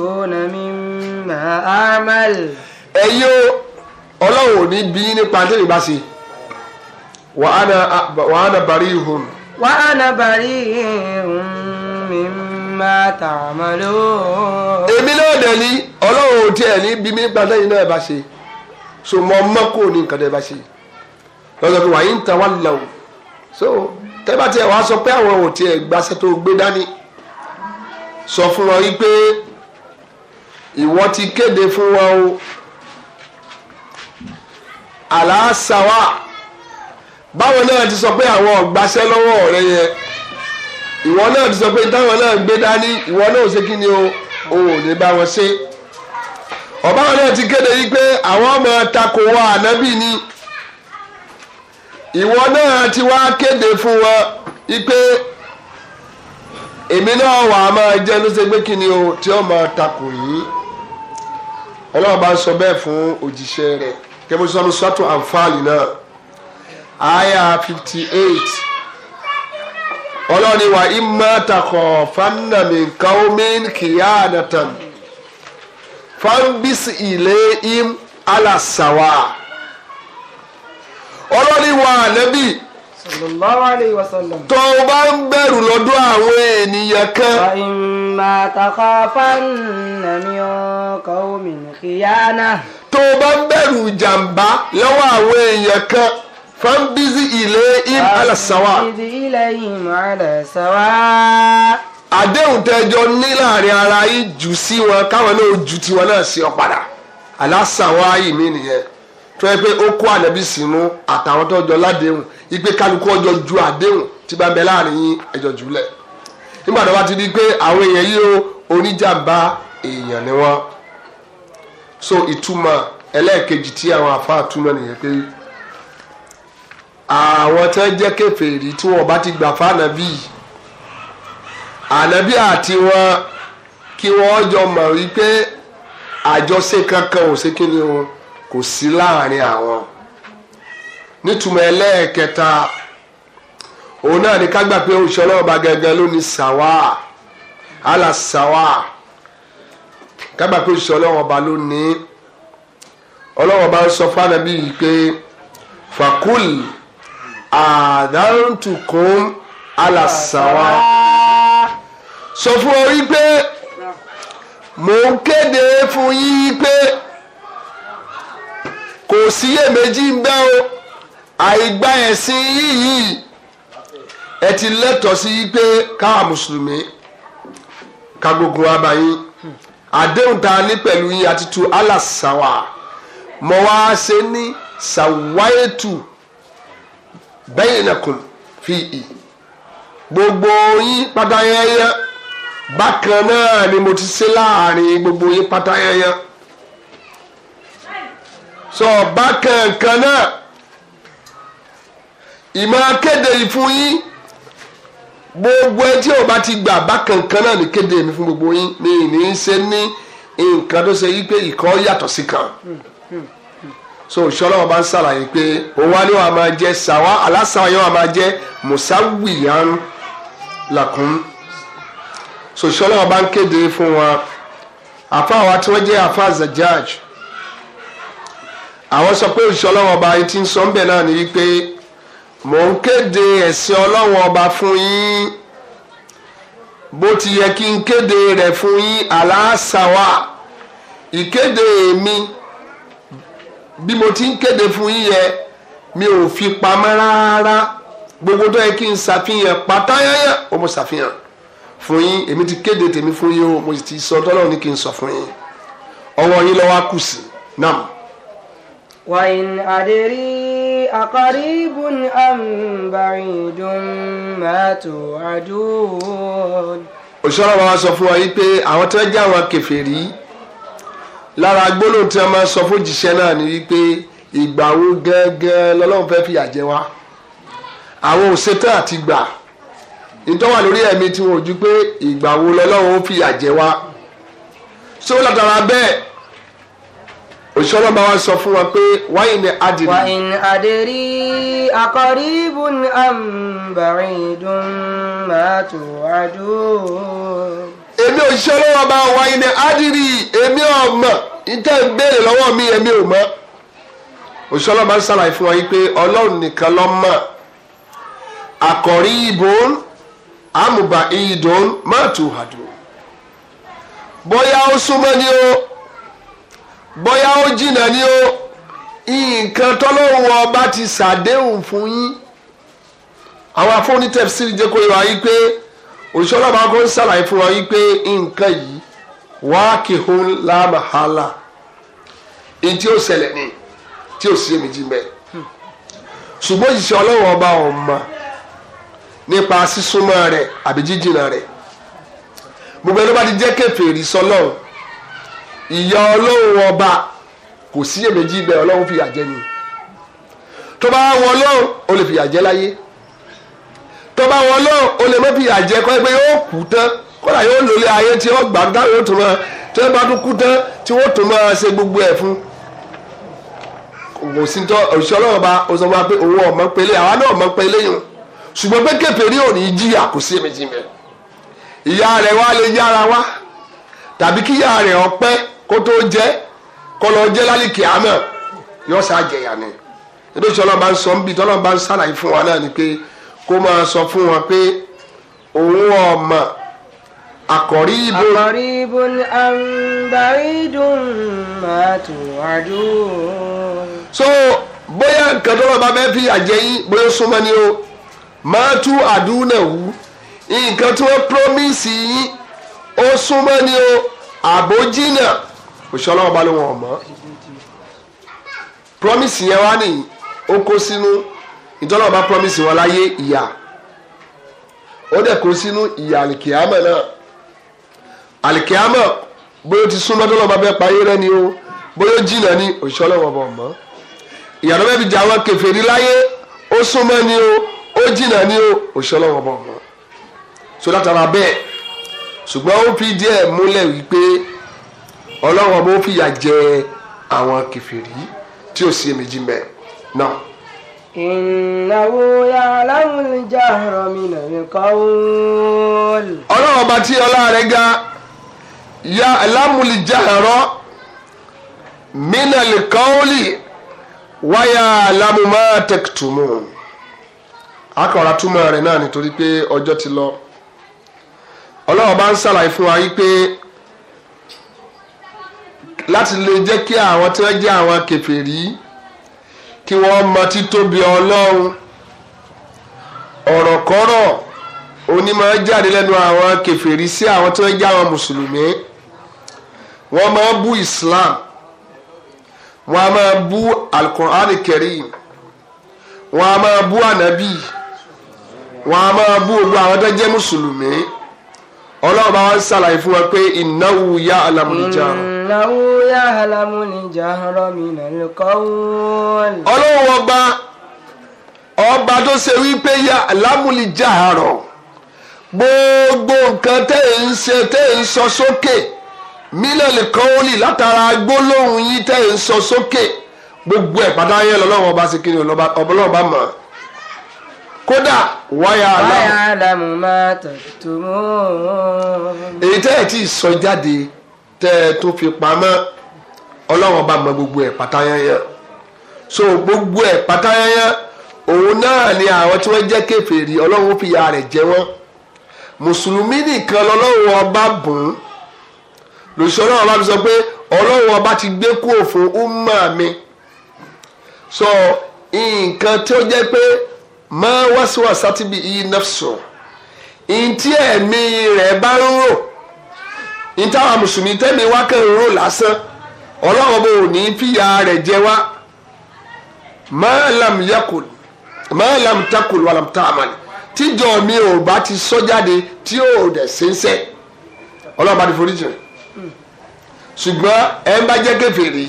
òun náà mímú àmà àmàl. ẹ yóò ọlọ́run ò ní bí nípa tí èyí bá ṣe wàhánà bàrí ihun. wàhánà bàrí ihun mi máa tà àmàlò. èmi náà dẹ̀ ni ọlọ́run ò tiẹ̀ ní bí nípa tí náà bá ṣe so mọ ọmọ kò ní nǹkan tẹ́ bá ṣe lọ́sọ̀ pé wàá yín tàn wá lọ so tẹ́ bá tiẹ̀ wàá sọ pé àwọn ò tiẹ̀ gbaṣẹ́ tó gbé dání sọ fún wọn yí pé ìwọ ti kéde fún wa o àlàásáwà báwo náà ti sọ pé àwọn ọ̀gbáṣẹ́ lọ́wọ́ rẹ yẹn ìwọ náà ti sọ pé táwọn náà gbé dání ìwọ náà ṣe kí ni o ò ní bá wọn ṣe ọba wọn náà ti kéde yìí pé àwọn ọmọ takò wa ànábì ni ìwọ náà ti wá kéde fún wọn yìí pé èmi náà wà á máa jẹ́ ló ṣe pé kí ni o tí ó máa takò yìí ọlọ́run bá ń sọ bẹ́ẹ̀ fún òjíṣẹ́ rẹ̀ kẹ́mi sọ́nu sọ́tò àǹfààní náà àyà fifty eight ọlọ́run ni wà ìmọ̀ takọ̀ fanami kaomin kiyanatan fanbis ilé im alasawa ọlọ́run ni nẹ́bí sallallahu wa sallam. tó o bá ń bẹ̀rù lọ́dọ̀ àwọn ènìyàn kan. fa imma takhafanna min qawmin khiyana. tó o bá ń bẹ̀rù jàǹbá lọ́wọ́ àwọn èèyàn kan fanbizi ilayhim ala sawa. fanbizi ilayhim ala sawa àdéhùn tẹjọ ní láàrin ara yìí jù sí wọn káwọn náà ju tiwọn náà sí ọ padà aláṣàwọ ayé mi nìyẹn tó yẹ pé ó kó ànábì sínú àtàwọn tó jọ ládéhùn ìgbé kálukú ọjọ́ ju àdéhùn tí bá ń bẹ láàrin yín ẹjọ́ jùlẹ̀ nígbà tó bá ti di pé àwọn èèyàn yìí ó oníjàmbá èèyàn ni wọ́n so ìtumọ̀ ẹlẹ́ẹ̀kejì tí àwọn àfa túmọ̀ nìyẹn pé àwọn tẹ́ jẹ́ kèfèrí tí wọ́n bá ti gbà fànàbí ànàbí àti wọn kí wọ́n jọ mọ̀ wípé àjọṣe kankan ò sí kí ni o kò sí láàrin àwọn nítumọ̀ ẹlẹ́ẹ̀kẹta òun náà ní ká gbà pé òṣìṣẹ́ ọlọ́ọ̀bá gẹ́gẹ́ ló ní sàwá àlà sàwá ká gbà pé òṣìṣẹ́ ọlọ́ọ̀bá ló ní ọlọ́ọ̀bá ń sọ fún ànábì yìí pé fakul àdántùkún àlà sàwá sọ fún orí pé mò ń kéde fún yín pé kò síyèméjì ń bẹ́ o àìgbà ẹ̀sìn yìí ẹ ti lẹ́tọ̀ọ́ sí pé káwa mùsùlùmí ká gbogbo wa bá yín àdéhùn tá a ní pẹ̀lú yín àti tu aláṣàwà mọ̀ wá ṣe ní ṣàwáyétù bainakum fi ì gbogbo yín pátá bákan náà ni mo ti ṣe láàrin gbogbo yín pátá sọ bákan kan náà ìmọ̀ akéde yìí fún yín gbogbo ẹ tí ọba ti gbà bákan kan náà ní kéde mi fún gbogbo yín ní ìní ń ṣe ní nǹkan tó ṣe yìí ìkọ́ yàtọ̀ sí kan so ìṣọ́lá ọba ń ṣàlàyé pé òun wá ní wàá máa jẹ sàwa aláṣàwa yẹn wàá máa jẹ mùsáwìyàn làkún so ìṣọ́lá ọba ń kéde fún wa àfa àwa tí wọ́n jẹ́ àfa zajaj àwọn sọ pé ìṣọ́lá ọba yìí ti ń sọ ń bẹ̀ náà ní wípé mò ń kéde ẹ̀sìn ọlọ́run ọba fún yín bó ti yẹ kí n kéde rẹ̀ fún yín aláṣàwà ìkéde mi bí mo ti ń kéde fún yín yẹ mi ò fi pamọ́ rárá gbogbo tó yẹ kí n ṣàfihàn pátáyáyá ó mo ṣàfihàn fún yín èmi ti kéde tèmi fún yín o mo sì ti sọ tọ́lọ́run ní kí n sọ fún yín ọwọ́ yín lọ́wọ́ kù sí náà. wàyìn àdérí. أقريب أم بعيد ما توعدون òṣìṣẹ́ wa sọ fún wa yìí pé àwọn tí wọ́n jẹ́ àwọn kèfèrí lára gbólóhùn tí wọ́n máa sọ fún jíṣẹ́ náà ni wípé ìgbà wo gẹ́gẹ́ lọ́lọ́run fẹ́ fìyà jẹ wá àwọn òṣètò àti gbà ìtọ́wà lórí ẹ̀mí tí wọ́n ò ju pé ìgbà wo lọ́lọ́run fìyà jẹ wá sórí látara bẹ́ẹ̀ òṣìṣẹ́ ma wa sọ fún wa pé wáyé ni adìrí. wáyé ni adìrí ibu ni àmbàrìndùn máa tó àjò. èmi òṣìṣẹ́ ọlọ́wọ́ bá wáyé ni adìrí èmi ọmọ ìtẹ́ ń béèrè lọ́wọ́ mi èmi ò mọ̀. òṣìṣẹ́ ọlọ́mọ máa fún wa yìí pé ọlọ́run nìkan mọ̀ àmùbà ìdùn bóyá ó jìnnà ni ó nǹkan tọ́lọ́run ọba ti ṣàdéhùn fún yín àwọn afọ́ni tẹ̀síìrì jẹ́ kó yọ ayé pé òṣìṣẹ́ kò ń ṣàlàyé fún wa yìí pé nǹkan yìí wá kìhún lámàhálà èyí tí ó ṣẹlẹ̀ ni tí ó sì ṣe méjì mẹ́ ṣùgbọ́n òṣìṣẹ́ ọlọ́run ọba ọ̀ma nípa sísúnmọ́ rẹ̀ àbí jíjìnà rẹ̀ gbogbo ẹni bá ti jẹ́ kèfèrí sọlọ́run ìyá ọlọ́run ọba kò síyèméjì bẹ́ẹ̀ ọlọ́run fìyà jẹ ni tó bá wọn lọ o lè fìyà jẹ láyé tó bá wọn lọ o lè má fìyà jẹ kọ́ ẹ pé yóò kú tán kódà yóò lòlẹ̀ ayé tí wọ́n gbà dá yóò tó máa tí wọ́n bá tún kú tán tí wọ́n tó máa ṣe gbogbo ẹ̀ fún òsìntọ́ òṣìṣẹ́ ọlọ́run bá ọsàn máa pé òun ọ̀mọ́ pélé àwa náà ọ̀mọ́ pélé yìí ṣùgbọ́n pé kèfèrí ní í jìyà kò sí èmi jìmẹ̀ ìyá rẹ̀ wá lè yára wá tàbí kíyà rẹ̀ ọ̀pẹ́ kó jẹ kó jẹ lálìkì àmọ́ yọ sá jẹyà ni nítorí ọlọ́run bá ń sọ níbi tọ́lọ́run bá ń sàlàyé fún wa náà ni pé kó máa sọ fún wa pé òun ọmọ àkọ́rí ibo. àkọ́rí ibo àǹbárí dùn máa tù àjò. so bóyá nǹkan tọ́lọ́run bá fẹ́ fi àjẹ yín bóyá súnmọ́ ni o máa tú àdúnà wú nǹkan tí promise yín ó súnmọ́ ni o àbójínà òṣìṣẹ́ ọlọ́wọ́ bá ló wọn ọ̀mọ́ promise yẹn wá ní ó kó sínú ìtọ́lọ́wọ́ bá promise wọn láyé ìyà ó dẹ̀ kó sínú ìyà àlìkìyàmọ̀ náà àlìkìyàmọ̀ bóyá ó ti súnmọ́ tó lọ́wọ́ bá fẹ́ payé rẹ ni o bóyá ó jìnà ni òṣìṣẹ́ ọlọ́wọ́ bá ọ̀mọ́ ìyàrá bẹ́ẹ̀ fi jà wọn kèfèrí láyé ó súnmọ́ ni o ó jìnà ni o òṣìṣẹ́ ọlọ́wọ́ bá ọ̀mọ́ so látara bẹ́ẹ̀ ṣùgbọ́n ó fi díẹ̀ múlẹ̀ wípé ọlọ́run ọba ó fìyà jẹ àwọn kẹfìrí tí ò sí èméjì mẹ́ náà. ìnáwó yàrámù ìjà ọ̀rọ̀ mi nà mí kọ́ ọ́ọ́lù. ọlọ́run tí ọlá rẹ̀ ga ya alámùlì jahara mínàlì kọ́ọ́lì wáyà alámùmá tẹ̀kùtùmù akọ̀ra túmọ̀ rẹ̀ náà nítorí pé ọjọ́ ti lọ ọlọ́run bá ń ṣàlàyé fún wa yí pé láti lè jẹ́ kí àwọn tí wọ́n jẹ́ àwọn kèfèrí kí wọ́n mọ títóbi ọlọ́run ọ̀rọ̀ kọ́rọ̀ onímọ̀ jáde lẹ́nu àwọn kèfèrí sí àwọn tí wọ́n jẹ́ àwọn mùsùlùmí wọ́n máa bú Islam wọ́n á máa bú Al-Qur'an Karim wọ́n á máa bú ànábì wọ́n á máa bú gbogbo àwọn tó jẹ́ mùsùlùmí ọlọ́run bá wá ń ṣàlàyé fún wa pé innahu ya'lamul jahr. innahu ya'lamul jahra minal qawl. ọlọ́run ọba ọba tó ṣe wípé ya'lamul jahr gbogbo nǹkan tẹ́ ẹ̀ ń ṣe tẹ́ ẹ̀ ń sọ sókè minal qawl látara gbólóhùn yín tẹ́ ẹ̀ ń sọ sókè gbogbo ẹ̀ pátá yẹn lọ́wọ́ ọba ṣe kí ni ọlọ́run mọ̀ kódà wáyà alámù máa tàbítò mọ́. èyí tẹ́ ẹ̀ tí ì sọ jáde tẹ́ ẹ tó fi pamọ́ ọlọ́run bá mọ gbogbo ẹ̀ pátáyányán so gbogbo ẹ̀ pátáyányán òun náà ni àwọn tí wọ́n jẹ́ kèfèrí ọlọ́run fi ya rẹ̀ jẹ wọ́n mùsùlùmí nìkan lọ́lọ́run ọba bùn lòṣìṣẹ́ ọlọ́run ọba mi sọ pé ọlọ́run ọba ti gbé kúrò fún umma mi So nǹkan tí jẹ́ pé máa wáṣíwáṣá ti bí iye nafsu ntí ẹ̀mí rẹ̀ bá ń rò ntí àwọn mùsùlùmí tẹ́mi wá kàn ń rò lásán ọlọ́run bò ní fìyà rẹ̀ jẹ wá máa lam yakul máa lam takul wàlám tààmàlì tíjọ mi o bá ti sọ jáde tí ò dẹ̀ ṣẹ́ńṣẹ́ ọlọ́run bá ti forí jìn ṣùgbọ́n ẹ ń bá jẹ́ kèfèrí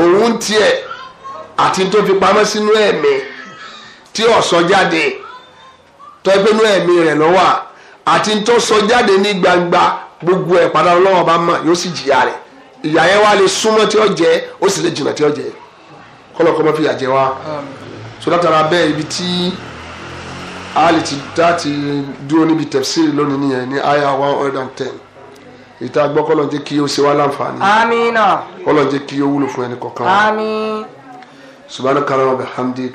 òun tiẹ̀ àti tó fi pamọ́ sínú ẹ̀mí. E tí ó sọ jáde tọ́gbẹ́nú ẹ̀mí rẹ̀ lọ́wọ́ àti tó sọ jáde ní gbangba gbogbo ẹ̀ padà lọ́wọ́ bá mọ̀ yóò sì jìyà rẹ̀ ìyà yẹn wá lè súnmọ́ tí ó jẹ ó sì lè jìnnà tí ó jẹ kọ́lọ́kọ́mọ́ fìyà jẹ wá so látara bẹ́ẹ̀ ibi tí ali ti dá ti dúró níbi tẹ̀síìrì lónìí nìyẹn ní aya one hundred and ten ìta gbọ́ kọ́lọ̀ jẹ́ kí o ṣe wá láǹfààní àmín kọ́lọ̀ jẹ́ kí o wúlò fún ẹnì kọ̀ọ̀kan àmín subhanaka wa bihamdik.